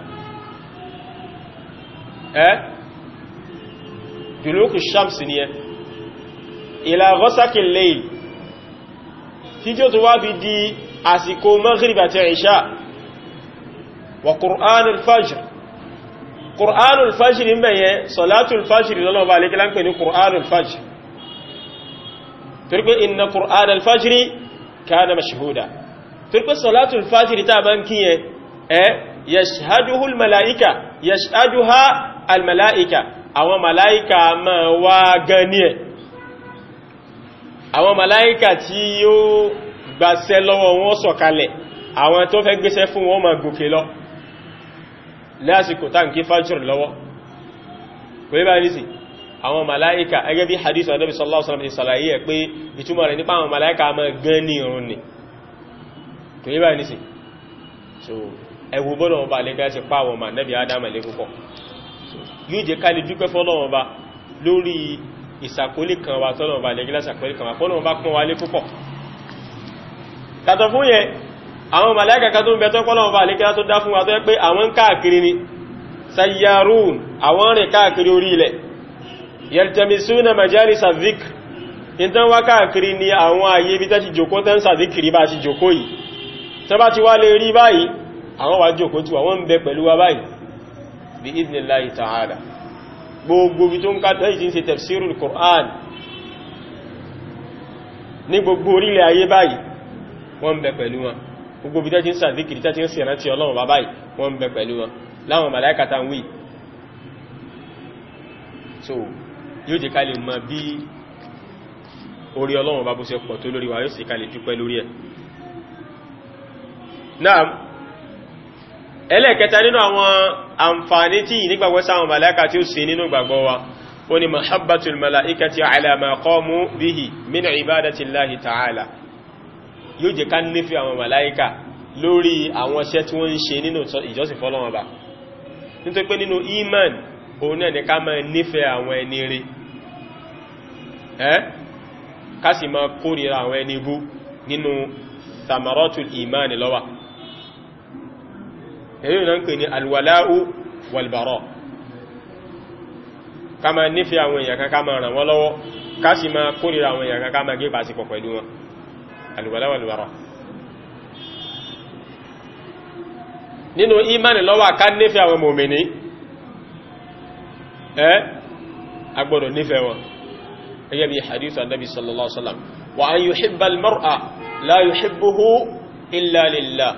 ẹ́ dùlúkì shams ni ẹ ìlàgọ́sàkìlẹ̀ tí tí ó tó wá bí di àsìkò maghrib àti ìṣà wà qur'anul fajr qur'anul fajr ń bẹ̀yẹ salatul fajr lọ́nà bá lè kílá ń pè ní qur'anul fajr turbe inna qur'anul fajr kana mashhuda turbe salatul fajr ta ban kiye eh yashhaduhu al malaika yashhaduha al malaika àwọn màláíkà máa wá gan ní ẹ̀ àwọn màláíkà gbàṣẹ lọ́wọ́ wọn sọ̀kalẹ̀ àwọn tó fẹ́ gbéṣẹ́ fún wọn ma gòkè lọ lásìkò táǹkì fájúr lọ́wọ́ kò yíba nìsì àwọn màláíkà ẹgẹ́ bí hadith Ànábì sallallahu alaihi wasallam ṣàlàyé ẹ̀ pé ìtumọ̀ rẹ̀ nípa àwọn màláíkà ma gan ni kò so ẹwù bọ́nà ọba lẹ́gbẹ́ ṣe pa àwọn mànẹ́bí adama lé púpọ̀ yóò jẹ́ ká lè dúpẹ́ fọ́lọ́wọ́n ba lórí ìsàkólé kan wa tọ́lọ́wọ́n ba lẹ́gbẹ́ ṣàkólé kan yàtọ̀ fún yẹn àwọn màláíkà kan tó ń bẹ̀tọ́ pọ́lọ̀ ọba àlékẹ́lá tó dá fún wa tó yẹ pé àwọn káàkiri ni sayyarun àwọn rìn káàkiri orí ilẹ̀ yaltamisuna majalisa dhikr ìtàn wá káàkiri ni àwọn àyè ibi tẹ́ ti jòkó tẹ́ ń sàdíkiri bá ti jòkó yìí tẹ́ bá ti wá lè ní gbogbo orílẹ̀ ayé báyìí wọ́n ń bẹ pẹ̀lú wọn gbogbo bí tẹ́tí ń sàdíkìrì tẹ́tí ń sìrántí ọlọ́run bàbá yìí wọ́n ń bẹ pẹ̀lú wọn láwọn màláìkàtà ń wí so yóò jẹ́ ká lè mọ bí orí ọlọ́run bá bó pọ̀ tó lórí wa yóò sì ká lè dúpẹ́ lórí ẹ̀ náà ni mahabbatul mala'ikati ala ma qamu bihi min ibadati llahi ta'ala yóò jẹ́ ká nífẹ́ àwọn màláíkà lórí àwọn iṣẹ́ tí wọ́n ń ṣe nínú ìjọsìn fọ́lọ́wọ́n bá nítorí pé nínú iman òun náà ni ká máa nífẹ́ àwọn ẹni rí ẹ́ ká sì máa kórìíra àwọn ẹni bú nínú samaratul iman lọ́wà èyí náà walbara ká máa nífẹ́ àwọn èèyàn kan ká máa ràn wọ́n lọ́wọ́ ká sì máa kórìíra àwọn èèyàn kan ká máa gé pàṣípọ̀ pẹ̀lú wọn alwala wal bara nínú ìmánì lọ́wà ká nífẹ́ àwọn mòmìnì ẹ́ agbọ́dọ̀ nífẹ́ wọn gẹ́gẹ́ bí hadith annabi sallallahu alaihi wasallam wa an yuhibba almar'a la yuhibbuhu illa lillah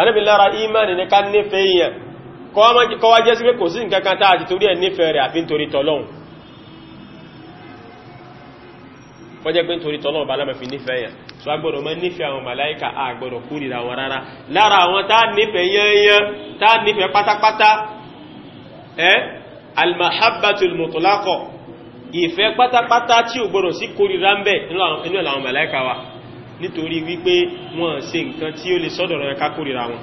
anabi lára ìmánì ní ká nífẹ́ yẹn kọwa jẹ́ sí pé kò sí nǹkan kan tá àti torí ẹ̀ nífẹ́ rẹ̀ àfi nítorí tọ́lọ́hun wọ́n jẹ́ pé nítorí tọ́lọ́hun bá lámẹ́ fi nífẹ́ yẹn so agbọ́dọ̀ mọ́ nífẹ̀ẹ́ àwọn màláíkà àgbọ́dọ̀ kórìíra wọn rárá lára àwọn tá nífẹ̀ẹ́ yẹ́nyẹ́ tá nífẹ̀ẹ́ pátápátá ẹ́ almahabbatul mutlaqo ìfẹ́ pátápátá tí ò gbọ́dọ̀ sí kórìíra ń bẹ inú àwọn màláíkà wa nítorí wípé wọ́n ṣe nǹkan tí ó lè sọ́dọ̀ rẹ̀ ká kórìíra wọn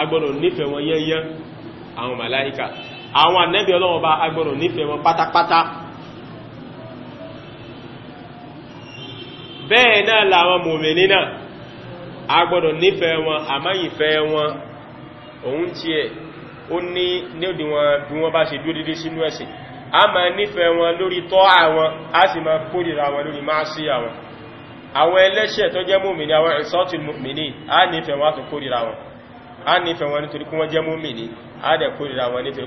agbọ́dọ̀ nífẹ̀ẹ́ wọn yẹ́nyẹ́ àwọn màláíkà àwọn ànábì Ọlọ́run bá agbọ́dọ̀ nífẹ̀ẹ́ wọn pátápátá bẹ́ẹ̀ náà làwọn mòmìnì náà a gbọ́dọ̀ nífẹ̀ẹ́ wọn àmáyìfẹ́ wọn òun tí ẹ̀ ó ní níòdíwọ̀n bí wọ́n bá ṣe dúró dédé sínú ẹ̀sìn a ma nífẹ̀ẹ́ wọn lórí tọ́ àwọn a sì ma kórìíra wọn lórí máa sí àwọn àwọn ẹlẹ́ṣẹ̀ tó jẹ́ mòmìnì àwọn ìsọ́tì mòmìnì a nífẹ̀ẹ́ wọn a tó kórìíra wọn a nífẹ̀ẹ́ wọn nítorí kún wọ́n jẹ́ mòmìnì a dẹ̀ kórìíra wọn nítorí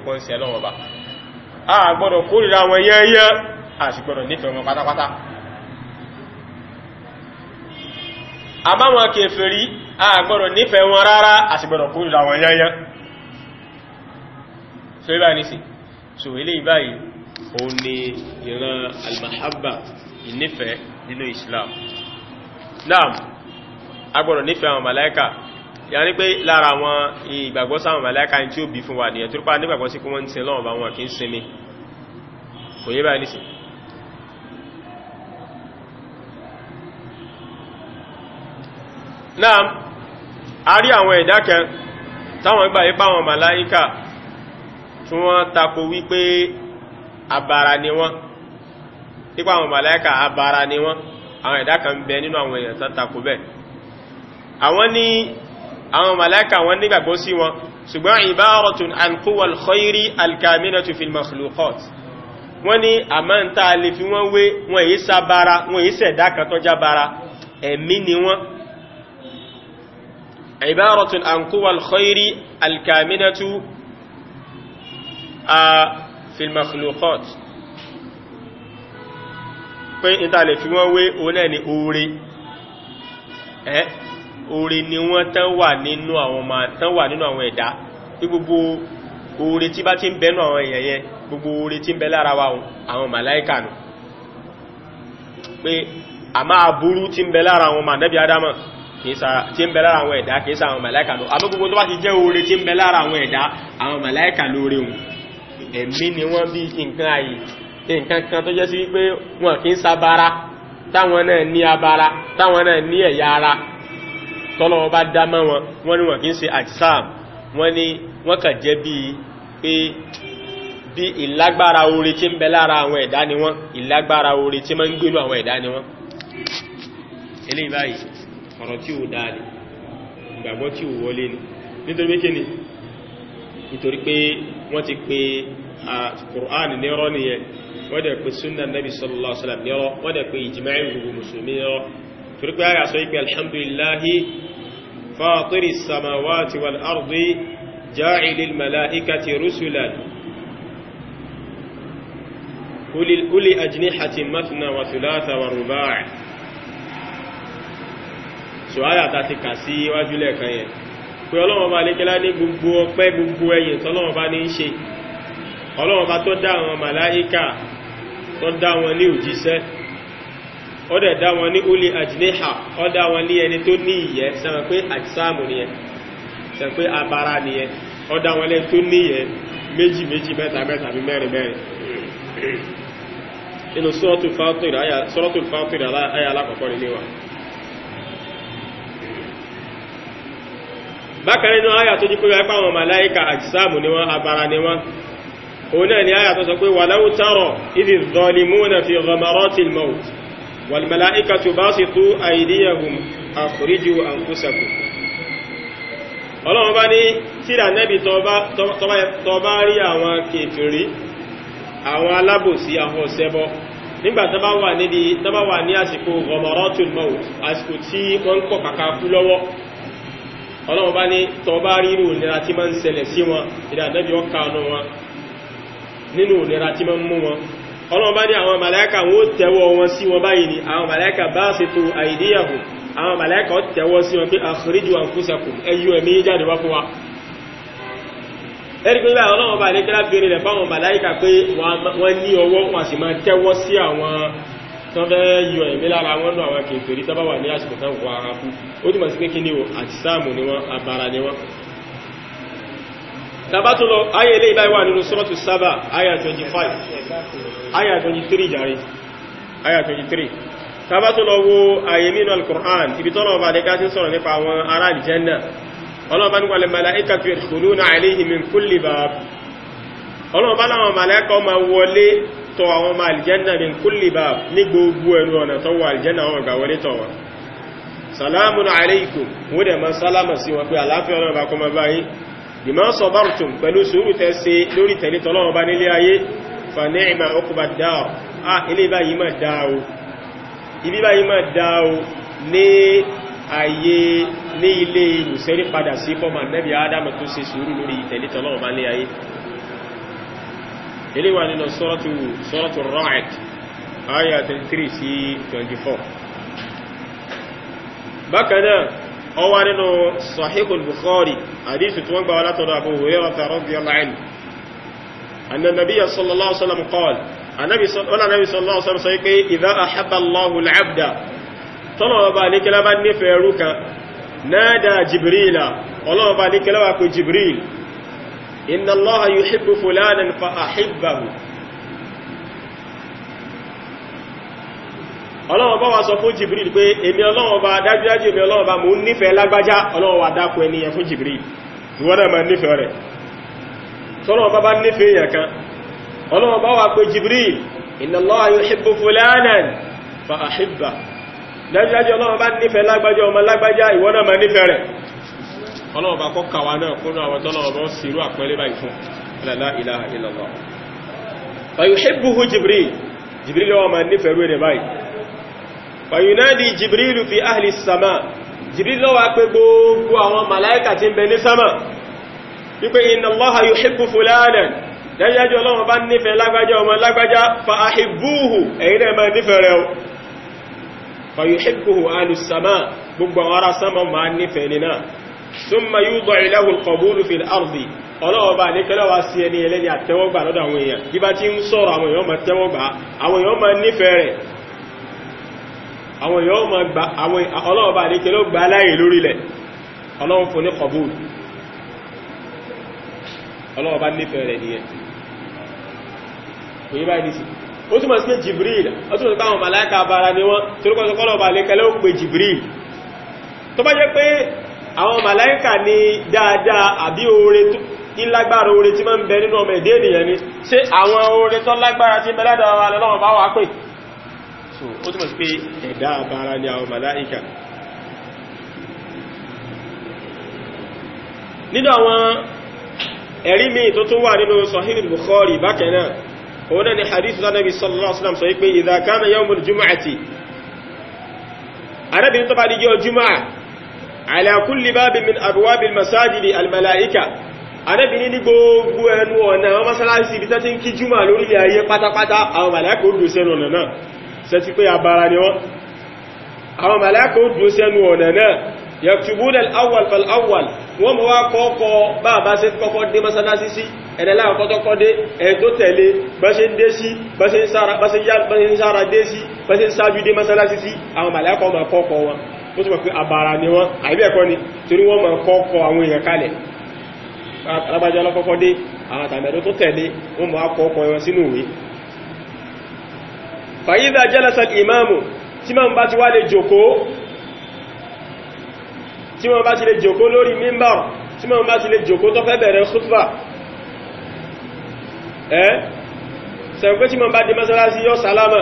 àbáwọn kèfèrí àgbọ̀rọ̀ nífẹ̀ẹ́ wọn rárá àsìgbọ̀rọ̀ kó ìlà wọn yányán so ibá ní sí so ilé ibá yìí o ní ìran almahabba ìnífẹ̀ẹ́ nínú Islam naam agbọ̀rọ̀ nífẹ̀ẹ́ àwọn màláíkà ya ní pé lára àwọn ìgbàgbọ́ sáwọn màláíkà tí ó bí fún wa nìyẹn tó rí pa nígbàgbọ́ sí kí wọ́n ń sin lọ́wọ́ bá wọn kì í sinmi kò yé báyìí nísìnyí náà a rí àwọn ẹ̀dá kan táwọn gbà yípa àwọn màláíkà tí wọ́n tako wípé àbàrà ni wọ́n nípa àwọn màláíkà àbàrà ni wọ́n àwọn ẹ̀dá kan bẹ nínú àwọn èèyàn tán tako bẹ́ẹ̀ àwọn ní àwọn màláíkà wọn nígbàgbọ́ sí wọn ṣùgbọ́n ibaratun an quwwal khayri alkaminatu fil makhluqat wọ́n ní àmá ń tàà lè fi wọ́n wé wọ́n èyí sábára wọ́n èyí sẹ̀dá kan tọ́já bara ẹ̀mí ni wọ́n عبارة عن قوى الخير الكامنة في المخلوقات pé ìtàlẹ̀ fi wọ́n wé oná ni oore ẹ́ oore ni wọ́n tán wà nínú àwọn ma tán wà nínú àwọn ẹ̀dá ní gbogbo oore tí bá ti ń bẹ́nu àwọn èèyàn yẹn gbogbo oore tí ń bẹ lára wa àwọn màláìkà nù pé àmá aburú tí ń bẹ lára àwọn mànẹ́bí adámọ̀ tí ń bẹ lára àwọn ẹ̀dá kìí sáwọn màláìkà lọ àmọ́ gbogbo tó bá ti jẹ́ oore tí ń bẹ lára àwọn ẹ̀dá àwọn màláìkà lóore hùn ẹ̀mí ni wọ́n bí nǹkan ààyè nǹkan kan tó jẹ́ sí wípé wọn kìí sabara táwọn náà ní abara táwọn náà ní ẹ̀yà ara tọ́lọ́wọ́ bá dá mọ́ wọn wọ́n ní wọn kìí ṣe àtisam wọ́n ní wọ́n kà jẹ́ bíi pé bí ìlágbára oore tí ń bẹ lára àwọn ẹ̀dá ni wọ́n ìlágbára oore tí máa ń gbélu àwọn ẹ̀dá ni wọ́n eléyìí báyìí ọ̀rọ̀ tí ó dáa ni ìgbàgbọ́ tí ó wọlé ni nítorí pé kí ni nítorí pé wọ́n ti pè a Kùránì nírọ́ nìyẹn wọ́n dẹ̀ pè súnà nàbì sallallahu alaihi wasallam nírọ́ wọ́n dẹ̀ pè ìjìmáì gbogbo mùsùlùmí nírọ́ torí so ayàtà ti kà sí iwájú lẹ́ẹ̀kan yẹn pé ọlọ́wọ́n bá lékelá ní gbogbo ọpẹ́ gbogbo ẹ̀yìn tọ́lọ́wọ́n bá ní í ṣe ọlọ́wọ́n bá tó dá àwọn màláíkà tó dá wọn ní òjíṣẹ́ ó dẹ̀ dá wọn ní ulì àjìníhà ó dá wọn ní ẹni tó ní ìyẹ́ sẹ́wọ̀n pé àjísáàmù nìyẹn sẹ́wọ̀n pé abara nìyẹn ó dá wọn lẹ́ni tó ní ìyẹ́ méjì méjì mẹ́ta mẹ́ta alákọ̀ọ́kọ́ nílé wa bákan nínú àyà tó jí pé wáyé pàwọn màláíkà àjísàmù ni wọ́n abara ni wọ́n òun náà ni àyà tó sọ pé walau tara idhi zalimuna fi ghamaratil maut wal nígbà tọba wà ní àsìkò ghamaratil maut àsìkò tí wọ́n ń kọ kàkà lọ́wọ́ ọlọ́wọ́ bá ní tọba ríru nira tí ma ń ṣẹlẹ̀ sí wọn ìdàdẹ́bí ọkà ọ̀nà wọn nínú nira tí ma ń mú wọn ọlọ́wọ́ bá ní àwọn màláíkà wọ́n tẹ́wọ́ wọn sí wọn báyìí ni àwọn màláíkà bá ṣe tó àìdíyàwó àwọn màláíkà ó wa ẹ̀rí pé báyìí ọlọ́wọ́ bá ní kíláàbì rẹ̀ fáwọn màláíkà pé wọ́n ní ọwọ́ tán fẹ́ yọ ẹ̀mí lára wọn nù àwọn kèfèrí tán bá wà ní àsìkò tán wọ ara kú ó túnmọ̀ sí pé kí ni o àjísáàmù ni wọ́n abara ni wọ́n tabatulọ ayé ilé ìbáyé wà nínú sọ́rọ̀tù sábà ayà 25 ayà 23 ọlọ́ọ̀bá láwọn màláíkà máa wọlé tọ àwọn ọmọ aljanna min kulli bab ní gbogbo ẹnu ọ̀nà tọwọ aljanna wọn gbà wọlé tọwọ salamun alaikum wọ́n dẹ̀ máa sálámà sí wọn pé àláfíà ọlọ́run bá kọmọ báyìí bima sabartum pẹ̀lú sùúrù tẹ́ ṣe lórí tẹ̀lé tọ́lọ́run bá nílé ayé fa ni'ma uqbad dar á ilé báyìí máa dáa ilé wà nínú sọ́rọ̀tù ra'ad aya 23 sí 24 bákanáà ó wà nínú sahihul bukhari hadithu tí wọ́n gbà látọ̀dọ̀ abu hurairah radiyallahu anhu anna nabiyya sallallahu alaihi wasallam qala anabi sallallahu alaihi wasallam sọ pé idha ahabba allahu al-abda tọ́lọ̀wọ́ bá níkẹ́lá bá nífẹ̀ẹ́ rúkan náà da jibrila ọlọ́wọ́ bá níkẹ́lá wà pé jibril inna allaha yuhibbu fulanan fa ahibbahu ọlọ́wọ́ bá wá sọ fún jibril pé èmi ọlọ́wọ́ bá dájúdájú èmi ọlọ́wọ́ bá mú nífẹ̀ẹ́ lágbájá ọlọ́wọ́ wà dákùn ènìyàn fún jibril ìwọ́nà ma nífẹ̀ẹ́ rẹ̀ tọ́lọ́wọ́ bá bá nífẹ̀ẹ́ èèyàn kan ọlọ́wọ́ bá wá pé jibril inna allaha yuhibbu fulanan fa ahibbahu ọlọ́ọ̀bá kọ́ kàwà náà kúnnà àwọn tọ́lọ̀ọ̀bá sírú àpẹẹlẹ́ báyìí fún la ilaha illallah fa yuhibbuhu jibril jibril wà máa nífẹ̀ẹ́rú ẹ̀rẹ̀ báyìí fa yunadi jibril fi ahli sama jibril lọ́wà pé gbogbo àwọn màláíkà tí ń ní sama wípé inna allaha yuhibbu fulanan thumma yuḍa'u lahu al-qabūlu fil ardi ọlọ́wọ́ bá ní kẹlọ́wà sí ẹni ẹlẹ́ni àtẹ́wọ́gbà lọ́dọ̀ àwọn èèyàn bí bá ti ń sọ̀rọ̀ àwọn èèyàn ma tẹ́wọ́gbà àwọn èèyàn ma nífẹ̀ẹ́ rẹ̀ àwọn èèyàn ma gba ọlọ́wọ́ bá ní kẹlọ́gbà láyè lórílẹ̀ ọlọ́wọ́ fún ní qabūl ọlọ́wọ́ bá nífẹ̀ẹ́ rẹ̀ nìyẹn kò yí báyìí nìsí kẹlẹ́ ó jẹ́ pé àwọn màláíkà ní dáadáa àbí oore tí lágbára oore tí máa ń bẹ nínú ọmọ èdè ènìyàn ni ṣé àwọn oore tó lágbára tí bẹ ládàá wa lọ́wọ́ bá wà pè ó túnmọ̀ sí pé ẹ̀dá abara ni àwọn màláíkà nínú àwọn ẹ̀rí míì tó tún wà nínú Sahih Bukhari bákan náà òun náà ni hadithu Nabi sallallahu alaihi wasallam sọ wípé idha kana yawmul jumu'ati arábìnrin tó bá di jẹ́ ọjúmọ́ ala kulli babin min abwabil masajidi almalaika arábìnrin ní gbogbo ẹnu ọ̀nà àwọn masalasi ibi tẹ́tí ń kí jùmà lórílẹ̀ ayé pátápátá àwọn màláíkà ó dúró sẹ́nu ọ̀nà náà sẹ́tí pé abara ni wọ́n àwọn màláíkà ó dúró sẹ́nu ọ̀nà náà yaktubuna al-awwal fal-awwal wọ́n mọ̀ wá kọ́kọ́ bá bá ṣe kọ́kọ́ dé masalasi sí ẹ̀nẹ́lá àkọ́tọ́kọ́ dé ẹ̀ tó tẹ̀lé bá ṣe ń dé sí bá ṣe ń sára dé sí bá ṣe ń sáájú dé masalasi sí àwọn màláíkà ó máa kọ́kọ́ wọn ó túnmọ̀ pé àbàrà ni wọ́n àìbẹ́ẹ̀kọ́ ni torí wọ́n máa kọ́kọ́ àwọn èèyàn kalẹ̀ alábájá lọ́kọ́kọ́ dé àwọn àtàmẹ́dọ́ tó tẹ̀lé wọ́n máa kọ́kọ́ wọn sínú ìwé fàyídà jẹ́lẹ̀sà ìmáàmù tí ma ń bá ti wá lè jòkó tí ma ń bá ti lè jòkó lórí mímbà tí ma ń bá ti lè jòkó tó fẹ́ bẹ̀rẹ̀ ṣúfà ẹ́ sẹ̀kú tí ma ń bá di mọ́sálásí yọ sálámà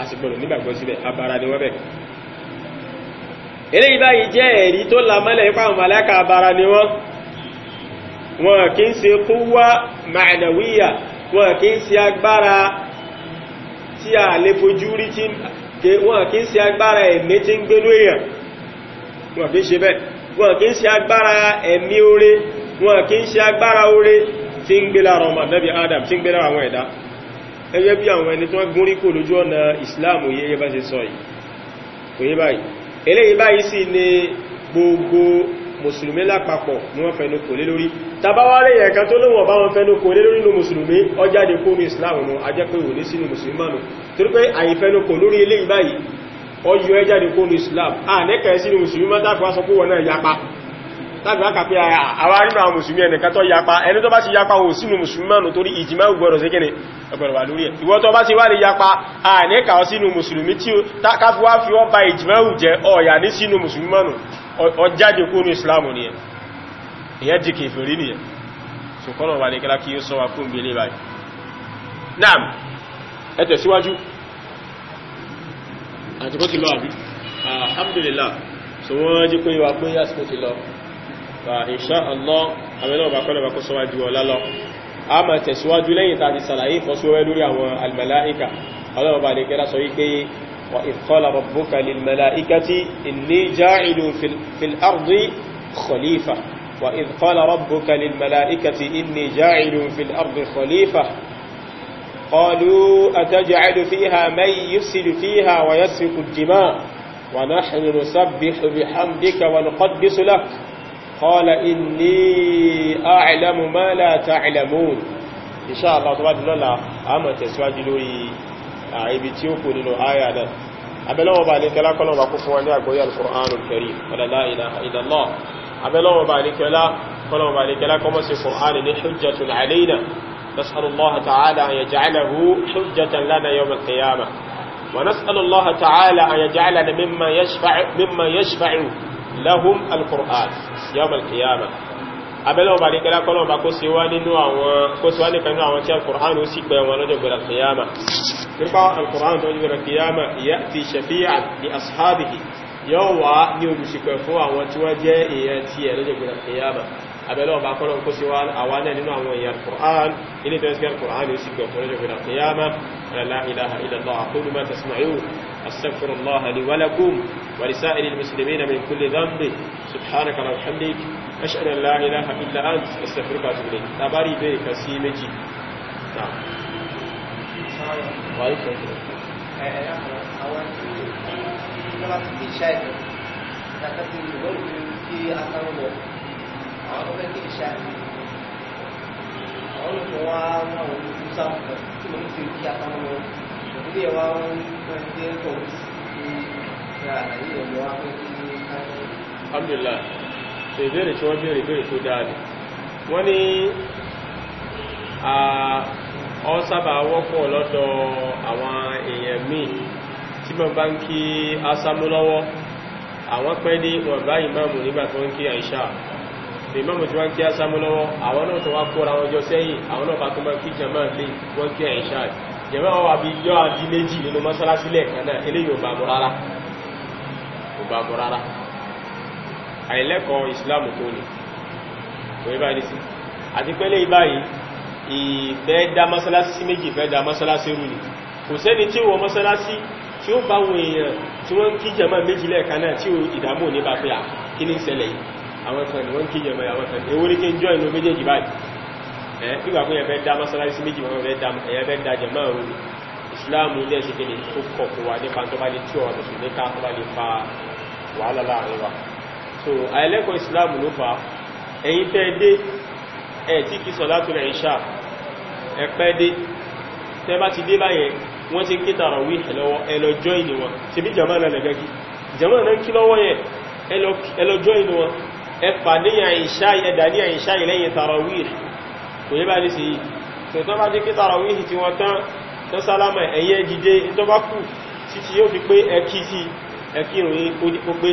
a sì gbọ́dọ̀ nígbàgbọ́ síbẹ̀ abara ni wọ́n bẹ̀ eléyìí báyìí jẹ́ ẹ̀rí tó lamọ́lẹ̀ nípa àwọn màláíkà abara ni wọ́n wọn kì í ṣe kúwá ma'nawiyya wọn kì í ṣe agbára tí a lè fojú rí tí wọn kì í ṣe agbára ẹ̀mí tí ń gbénú èèyàn wọn kì í ṣe bẹ́ẹ̀ wọn kì í ṣe agbára ẹ̀mí oore wọn kì í ṣe agbára oore tí ń gbé lára ọmọ Nabi Adam tí ń gbé lára àwọn ẹ̀dá ẹgbẹ́ bí àwọn ẹni tó wọ́n gún ríkò lójú ọ̀nà islam yẹ́yẹ́ bá ṣe sọ yìí kò yé báyìí eléyìí báyìí sì ni gbogbo mùsùlùmí lápapọ̀ ní wọ́n fẹ́nu kò lé lórí tàbáwálé ẹ̀kan tó lóòwọ̀n bá wọn fẹ́nu kò lé lórí ní mùsùlùmí ọjáde kó ní ìsìláàmù mú ajẹ́pẹ́ ìwò ní sínú mùsùlùmí mánu torí pé àìfẹ́nu kò lórí eléyìí báyìí ọjọ́ ẹjáde kó ní ìsìláàmù láti wákà pé ah, àwa nínú àwọn mùsùlùmí ẹnìkan tó yapa ẹni tó bá ti yapa ò sínú mùsùlùmí torí ìjìmá gbọ́dọ̀ sí kíni ọgbọ̀rọ̀ wà lórí ẹ̀ ìwọ tó bá ti wá lè yapa àníkà sínú mùsùlùmí tí káfíwá fi wọ́n ba ìjìmá jẹ ọ̀yà ní sínú mùsùlùmí ọjáde kó ní islamu ni ẹ̀ ìyẹn di kèfèrí ni ẹ̀ so kọ́nà wà ní kẹ́lá kí ó sọ wa fún belé báyìí naam ẹ tẹ̀síwájú àtìkọ́ ti lọ àbí ah, alhamdulillah so wọ́n jí pé wà pé yásíkò ti lọ insha Allah àmẹ́lọ́wọ̀ bá kọ́lọ̀ bá kó sọ́wájú ọlá lọ a máa tẹ̀síwájú lẹ́yìn tàbí sàlàyé fọ́síwẹ́ lórí àwọn almalaika ọlọ́wọ̀ bá lè kẹ́lá sọ wípé وإذ قال ربك للملائكة إني جاعل في الأرض خليفة وإذ قال ربك للملائكة إني جاعل في الأرض خليفة قالوا أتجعل فيها من يفسد فيها ويسفك الدماء ونحن نسبح بحمدك ونقدس لك qala inni a'lamu ma la ta'lamun insha Allah tó bá di lọ́la a mọ̀ tẹ̀síwájú lórí ibi tí ó kò nínú àyà náà abẹ́lọ́wọ̀ bá ní kẹlá kọ́lọ̀ bá kú fún wa ní àgbóyà al-Qur'anul Karim wala نسأل الله تعالى أن يجعله حجة لنا يوم القيامة ونسأل الله تعالى أن يجعلنا مما يشفع, مما يشفع lahum alkur'an yawm alkiyama abẹ́lẹ̀ ọba nígbẹ́lá kọ́lọ̀ ọba kó sí wá nínú àwọn kó sí wá nìkan nínú àwọn tí alkur'an ó sì pẹ̀ wọn lọ́jọ́ gbẹ̀rẹ̀ alkiyama nípa alkur'an tó jẹ́ alkiyama ìyá ti ṣẹ̀fíyà ní ashabihi yóò wá ní olùṣìpẹ̀ fún àwọn tí wọ́n jẹ́ èèyàn tí ẹ̀ lọ́jọ́ abẹ́lọ́wọ́ bá kọ́lọ̀ kó sí wá àwọn nínú àwọn èèyàn Qur'an ilé tẹ́síkẹ́ Qur'an ní sì gbọ̀tọ̀ lọ́jọ́ ìrìnà tiyama la ilaha illallah aqulu ma tasma'un astaghfirullah li wa lakum wa lisa'iril muslimina min kulli dhanbin subhanaka wa bihamdika ashhadu an la ilaha illa anta astaghfiruka wa atubu ilayk ti ṣe àìsàn a sáwọn lọ́wọ́ àwọn ọmọ ẹgbẹ́ ìṣe àti àwọn olùkọ́ wa náà wọ́n ti sá ọ̀pọ̀ tí wọ́n ti kí àtàwọn ọmọ ìdílé wa ń pẹ́ dé pọ̀ sí ìgbà àlàyé ẹ̀rọ wa pé kí ní káyọ̀. alhamdulillah ṣe ìbéèrè tí wọ́n béèrè ìbéèrè tó dáa ni wọ́n ní ọ sábà wọ́pọ̀ lọ́dọ̀ àwọn èèyàn míì tí wọ́n bá ń kí asámú lọ́wọ́ àwọn pẹ́ dé wọn bá ìmáàmù nígbà tó ń kí àìṣà ìmọ̀mù tí wọ́n kí ásámú lọ́wọ́ àwọn náà tó wá kóra wọn jọ sẹ́yìn àwọn náà bàtún máa kí jẹ̀mọ́ lé wọ́n kí ẹ̀ṣà jẹ̀mọ́ wọn wà bí yọ́ àdí méjì nínú mọ́sálásí lẹ́ẹ̀kan náà eléyìí ò bá mu rárá ò bá mu ni kò sẹ́ni tí wọ́n mọ́sálásí tí ó bá wọn èèyàn tí wọ́n kí jẹ̀mọ́ méjì lẹ́ẹ̀kan tí ìdààmú ní bá fẹ́ à kí yìí àwọn kan ni wọ́n kí jẹmọ̀ àwọn kan èwo ní kí n jọ inú méjèèjì báyìí ẹ̀ ìgbà fún ẹ̀fẹ́ dá mọ́sálásí méjì wọn ẹ̀fẹ́ dá wa nípa tó bá lè so àìlẹ́kọ̀ọ́ ìsìláàmù ló fà ẹ̀yin tẹ́ dé ẹ̀ tí kí sọ látò rẹ̀ ìṣà ẹ̀pẹ́ dé tẹ́ bá ti dé báyẹn wọ́n ti kí tààrọ̀ wí ẹ̀lọ́wọ́ ẹlọ́jọ́ ìní wọn bí jàmáà náà lẹ́gẹ́gí jàmáà lọ́wọ́ yẹn ẹlọ́jọ́ ìní ẹ̀pà ní àìṣá ẹ̀dà ní àìṣá ìlẹ́yìn tarawih kò yẹ bá ní sí ṣe tó bá dé kí tarawih tí wọ́n tán tó sálámà ẹ̀yẹ jíde tó bá kù títí yóò fi pé ẹkí sí ẹkírùn ó pé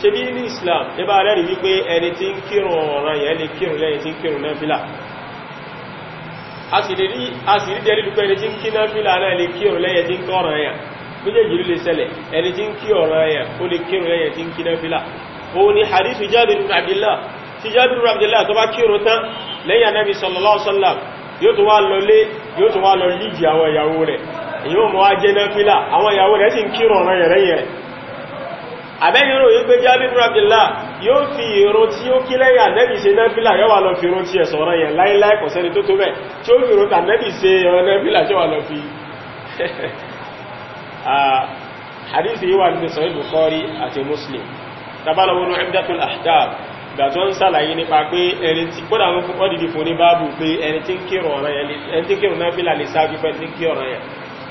ṣe bí ní Islam ẹbá rẹ̀rì wípé ẹni tí ń kírùn ọ̀ràn yẹn lè kírùn lẹ́yìn tí ó lè kírùn òun ni hadith Jabir ibn Abdullah tí Jabir ibn Abdullah tó bá kírun tán lẹ́yìn anábi sallallahu alaihi wasallam yóò tó wá lọlé yóò tó wá lọ lídì àwọn ìyàwó rẹ̀ yóò mọ́ wá jẹ́ náfílà àwọn ìyàwó rẹ̀ sì ń kírun ọ̀rọ̀ yẹ̀rẹ̀yẹ̀ rẹ̀ àbẹ́nirò yóò pé Jabir ibn Abdullah yóò fi ìrò tí ó kí lẹ́yìn anábi ṣe náfílà yóò wá lọ fi ìrò tí ẹ̀ sọ̀rọ̀ yẹn tabalawonu ibdatul ahkam gbàtọ́ ń sàlàyé nípa pé ẹni tí kódà wọn fún ọdìdì fún ní báàbù pé ẹni tí ń kírun ọ̀ràn yẹn ẹni tí ń kírun náà fílà lè sáájú pẹ́ tí ń kí ọ̀ràn yẹn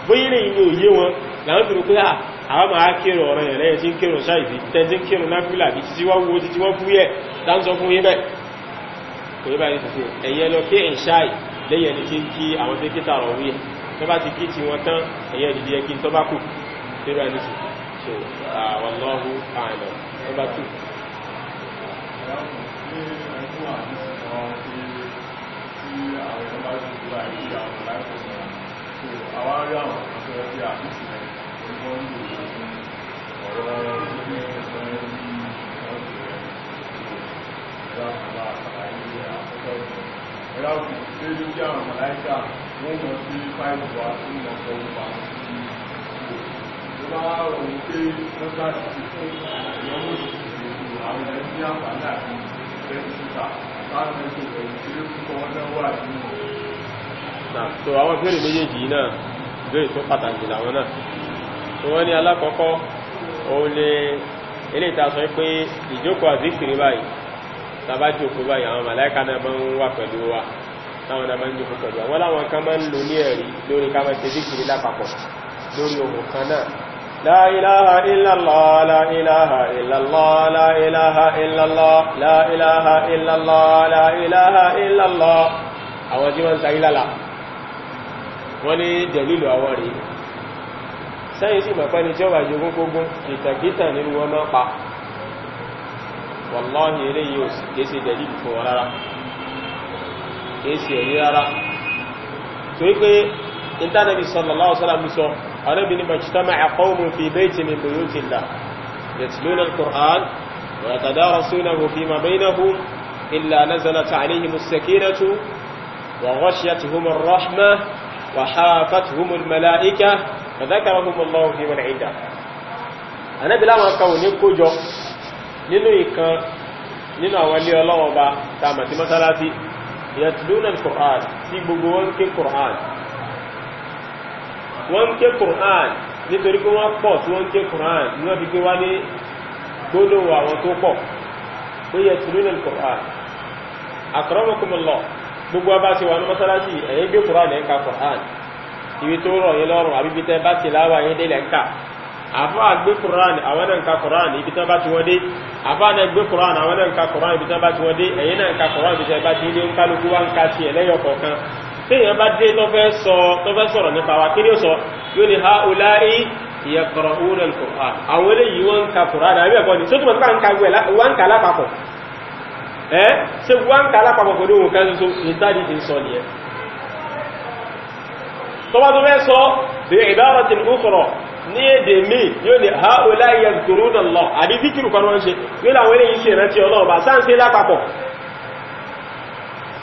bóyílẹ̀ ìlú òye wọn láwọn fi rú pé ah, àwọn máa kírun ọ̀ràn yẹn lẹ́yìn tí ń kírun ṣáìbì tẹ́ tí ń kírun náà fílà bí títí wọ́n wo títí wọ́n fúyẹ́ dáńsọ fún yín bẹ́ẹ̀ kò yẹ báyìí fòfin ẹ̀yẹ lọ kí ẹ̀ ń ṣáì lẹ́yìn ẹni tí ń kí 五百度，然然后你煮我讲，我就讲我们来讲，我们去排骨啊，猪肉排骨。bá òun pé wọ́n bá ti ti fún ìyọ́wó ìṣèlú àwọn ilẹ̀ ní àǹfààní àti ìfẹ́sí síta láti ẹ̀sùn pẹ̀lú tí ó kọ́ wọn náà wà nínú. so àwọn ìbéèrè méjèèjì yìí náà ìbéèrè tó pàtàkì làwọn náà so wọ́n ní alákọ̀ọ́kọ́ òun lè eléyìí tá sọ pé ìjókòó àzíkiri báyìí tàbájú òkú báyìí àwọn màláìka náà bá ń wà pẹ̀lú wa táwọn náà bá ń jókòó pẹ̀lú wa wọ́n láwọn kan máa ń lò ní ẹ̀rí lórí ká máa ṣe zíkiri lápapọ̀ lórí ohun kan náà لا إله إلا الله لا إله إلا الله لا إله إلا الله لا إله إلا الله لا إله إلا الله àwọn tí wọ́n ń sáyé lálà wọ́n ní dẹ̀lìlù àwọn rí sẹ́yìn sí mọ̀pẹ́ ni tí ó wà jogún gbogbo ìtàgítà nínú wọn máa pa wọ́lọ́hìn eré yóò sì kéèsì dẹ̀lìlù fún wọn rárá kéèsì ẹ̀rí rárá torí pé ìntánẹ́bì sallallahu alaihi wasallam anábì ní majtama'a qawmun fi bayti min buyutillah yatluna al-Qur'an wa yatadarasunahu fima baynahum illa nazalat alayhim as-sakinatu wa ghashiyatuhum ar-rahmah wa hafatuhum al-mala'ika fa dhakarahum Allahu fi man 'indah anábì láwọn kan ò ní kójọ nínú ìkan nínú àwọn ilé ọlọ́wọ́ bá tààmà tí mọ́sálásí yatluna al-Qur'an tí gbogbo wọn ké Qur'an wọ́n ń ké Qur'an nítorí pé wọ́n pọ̀ tí wọ́n ń ké Qur'an ní wọ́n fi gbé wá ní gbólóhùn àwọn tó pọ̀ pé yẹ tìlú ní Qur'an akramakumullah gbogbo ọba ṣe wà ní mọ́sálásí ẹ̀yẹ́ gbé Qur'an ẹ̀ka Qur'an ibi tó rọ̀ yín lọ́rùn àbí ibi tẹ́ bá ti láwà yín délẹ̀ ńkà àfọ́ àgbé Qur'an àwọn náà ńka Qur'an ibi tẹ́ bá ti wọ́n dé àfọ́ àná gbé Qur'an àwọn náà ńka Qur'an ibi tẹ́ bá ti wọ́n dé ẹ̀yẹ́ náà ńka Qur'an ibi tẹ́ bá ti ilé ńkálukú wá ńka sí ẹlẹ́yọ̀ kọ̀ọ̀kan téèyàn bá dé tó fẹ́ sọ tó fẹ́ sọ̀rọ̀ nípa wa kí ni ó sọ yóò ní ha ulai yaqra'una al-Qur'an àwọn eléyìí wọ́n ń ka Qur'an àbí ẹ̀kọ́ ni sótùmọ̀ tó bá ń ka wẹ̀ wọ́n ń ka lápapọ̀ ẹ́ ṣe wọ́n ń ka lápapọ̀ pẹ̀lú òun kan ṣoṣo ìtàdí ti sọ nìyẹn tó bá tó fẹ́ sọ bí ibaratin ukhra ní èdè mi yóò ní ha ulai yaqra'una Allah àbí fíkìrù kan wọ́n ṣe yóò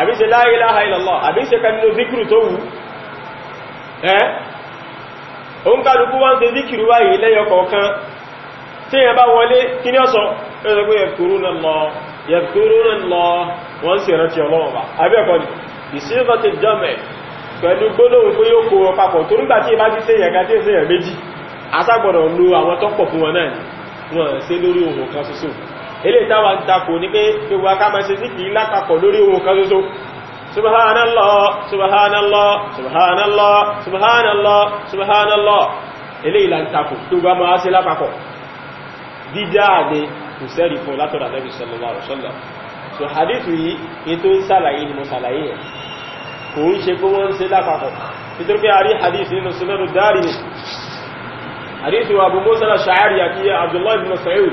àbí ṣe la ilaha illallah àbí ṣe kàmínú zikiru tó wù ẹ́ òun kálukú wá ń ṣe zikiru wáyé lẹ́yọ kọ̀ọ̀kan tí yẹn bá wọlé kí ní ọ̀sán ẹ̀sọ́ pé yadhkuruna Allah yadhkuruna Allah wọ́n sì rántí ọlọ́run bá àbí ẹ̀kọ́ ni ìṣẹ́fà ti jọ́mẹ̀ pẹ̀lú gbólóhùn pé yóò kó wọn papọ̀ tó nígbà tí ìbá ti ṣe èèyàn kan tí ó ṣe èèyàn méjì aságbọ̀dọ̀ lo àwọn tọ́pọ̀ fún wọn náà wọn ṣe lórí ohun kan ilé ìtawà ń takò ní pé gbogbo akámẹ́sí sí kìí látàkọ̀ lórí ohun kan ṣoṣo subhanallah subhanallah subhanallah subhanallah subhanallah ilé ìlà ń takò tó gbá máa sí lápapọ̀ dídáàdé kò sẹ́rì fún látọ̀dà Ànábì sallallahu alaihi wasallam so hadithu yìí ní tó ń sàlàyé ni mo sàlàyé yẹn kò ń ṣe kó wọ́n ṣe lápapọ̀ nítorí pé Abu Musa al Abdullah ibn Mas'ud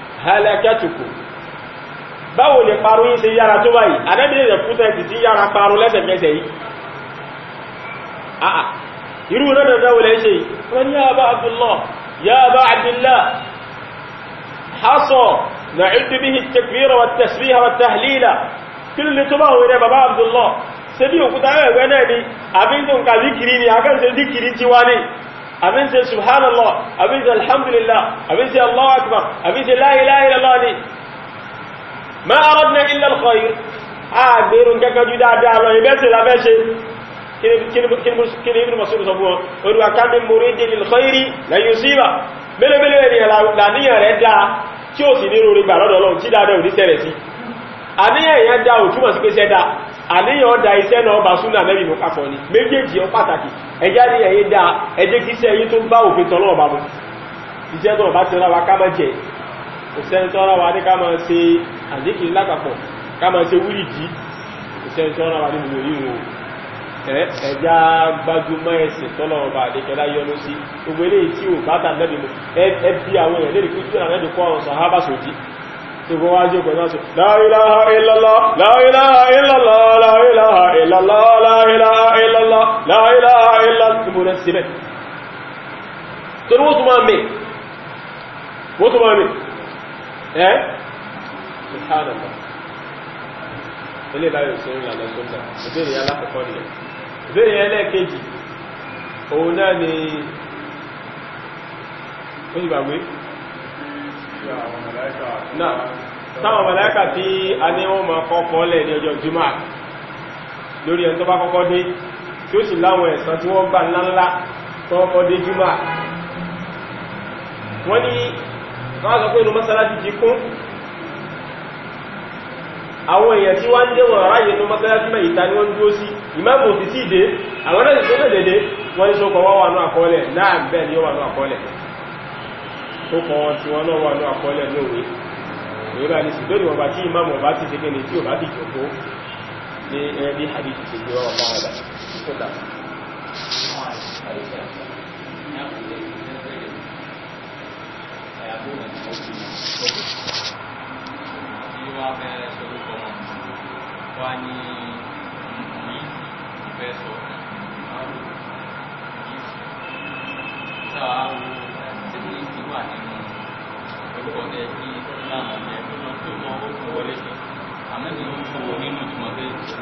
halakatukum báwo lè parun yí ṣe yára tó báyìí àdẹ́bìnrin rẹ̀ fún tẹ́ẹ̀kì tí yára parun lẹ́sẹ̀kẹsẹ̀ yìí àà irú rẹ̀ dáwò lẹ́ ṣe wọ́n ní àbá Abdullah ya àbá Abdullah hasọ na ìdúbíhì takbira wa tasbiha wa tahlila kí lè tó báwo rẹ̀ bàbá Abdullah ṣe abin sai subhanallah abin sai alhamdulillah abin sai allahu akbar abin sai la ilaha illallah ni ma aradna illa alkhair a gbèrò kẹ́kẹ́ jù dáadáa lọ ìbẹ́sẹ̀ lábẹ́ ṣe kí ni ibùdó masoro sọ fún wọn olùwà ká ní morí dé lil khairi la yusiba mélòmélò ènìyàn làníyàn rẹ̀ dáa tí ó sì ní rúrí gbà lọ́dọ̀ lọ́wọ́ tí dáadáa ò ní sẹ́rẹ̀ sí àníyàn èèyàn dáa ò túmọ̀ sí pé sẹ́dá àníyàn ọ̀dà iṣẹ́ náà bá súnà mẹ́rin mú papọ̀ ni méjèèjì ọ pàtàkì ẹjáde ẹ̀yẹ dá ẹjẹ́ kí iṣẹ́ yí tó bá òfin tọ́lọ́ ọ̀bá mu iṣẹ́ tó ọ̀bá ti wa ká máa jẹ òṣèlú wa ní ká máa ṣe àdékì lápapọ̀ ká máa ṣe wúrìdì òṣèlú tó wa nínú o. ẹ̀já gbajúmọ̀ ẹ̀sìn tọ́lọ̀ ọba àdékẹ́lá yọnu sí gbogbo eléyìí tí ò bá tà lẹ́bi mu ẹbí àwọn èèyàn lè rí pé jù gbogbo wá jẹ́ pẹ̀lú àti la ilaha illallah la ilaha illallah la ilaha illallah la ilaha illallah la ilaha illallah gbogbo rẹ̀ sílẹ̀ torí wọ́n tún máa mẹ́ wọ́n tún máa mẹ́ ẹ́ ìhánàmà ilé ìbáyọ̀ sí ìrìnlẹ̀ sọ́tà ìbéèrè alákọ̀ọ́kọ́ nìyẹn ìbéèrè ẹlẹ́ẹ̀kejì náà táwọn màláíkà tí a ní wọ́n ma kọ́kọ́ lẹ̀ ní ọjọ́ jùmọ́ lórí ẹni tó bá kọ́kọ́ dé tí ó sì láwọn ẹ̀san tí wọ́n gbà ńláńlá tó kọ́kọ́ dé jùmọ́ wọ́n ní wọ́n sọ pé inú mọ́sálásí ti kún àwọn èèyàn tí wọ́n dé wọ̀n ráyè inú mọ́sálásí mẹ́ ìta ni wọ́n dúró sí ìmáàmù òtítì dé àwọn náà ti tó dẹ̀dẹ̀ wọ́n ní sókọ̀ wọ́n wà ní àkọọ́lẹ̀ náà bẹ́ẹ̀ ni ó kọ wọn tí wọ́n náà wà ní àkọọ́lẹ̀ lóòwé ìrírà ní sí lórí tí ìmáàmù ọba ti ṣegé ní tí ò bá ti ní ẹbí àdìjì ti gbé ọba ọba tó dà Wọ́n ní ìfẹ́ wà nínú orúkọ tẹ kí tó ń dáhùn ọ̀tẹ tó mọ tó mọ ó kó wọlé sí àmọ́ ní ó kó o nínú ìtumọ̀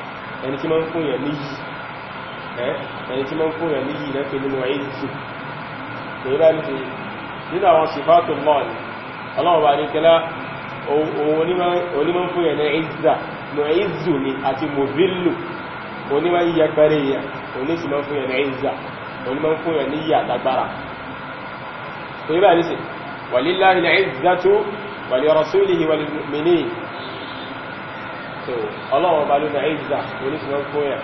ẹni tí ma ń fún yẹn níyì ẹni tí ma ń fún yẹn níyì lẹ́pẹ̀ nínú ẹ̀yìnkú lórí bá ní tèyí nínú àwọn sifáàtù lọ́ọ̀ni ọlọ́ọ̀bá ní kẹlá onímọ̀ fún yẹn ní ẹ̀yìnzà ní ẹ̀yìnzù ni àti mọ̀bílù onímọ̀ yíyàkẹrẹ yẹn oníṣìmọ̀ fún yẹn so ọlọ́wọ́ bá eh, ló na ìzà oníṣìwọ́n kóyà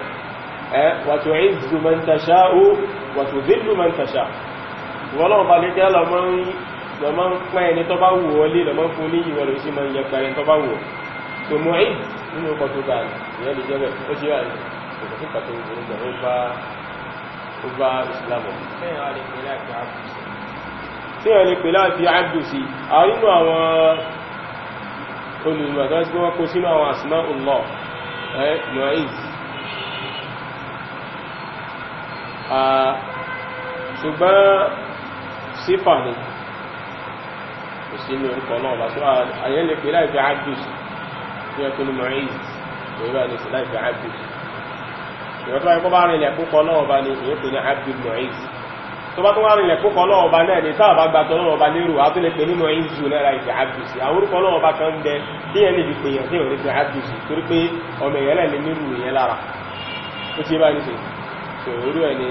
ẹ́ wàtò ìzù mẹ́ntàṣá ó wàtò zílù mẹ́ntàṣá wọ́lọ́wọ́ bá ló jẹ́ lọ́mọ́ ń pẹ́ ẹni tó bá wù wọlé lọ́mọ́ fún ní ìwọ̀lẹ̀ sí mọ́ ìyẹ pẹ̀rẹ̀ tó bá wù so mọ́ ìz nínú ọkọ̀ tó báyìí ìyẹ́ lè jẹ́ bẹ̀ olùmọ̀gán tí wọ́n kó sínú àwọn àsìmá ọlọ́ ẹ́ mohamed ṣùgbọ́n sífà ni kò sí ní orúkọ náà lásìmá ayẹ́ lè pè láìpẹ́ abdus ní ẹkùn ní mohamed òwúrọ̀ ní sí láìpẹ́ abdus tó bá tó wá rìnlẹ̀ kó kọ́lọ́ ọba náà ní sáàbà gba tọ́lọ́ ọba lérò àtúnlẹ̀pẹ̀ nínú ẹ̀yìn jù náà ìfẹ́ àbùsì àwọn orúkọ ọlọ́wọ́ bá kan bẹ tí ẹni lè pè yàn tí ìwọ̀n ìfẹ́ àbùsì torí pé ọmọ ìyẹn lẹ́lẹ̀ nínú ìyẹn lára ó ti bá nìṣe tó orú ẹ̀ ní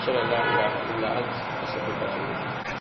ìròyìn kápò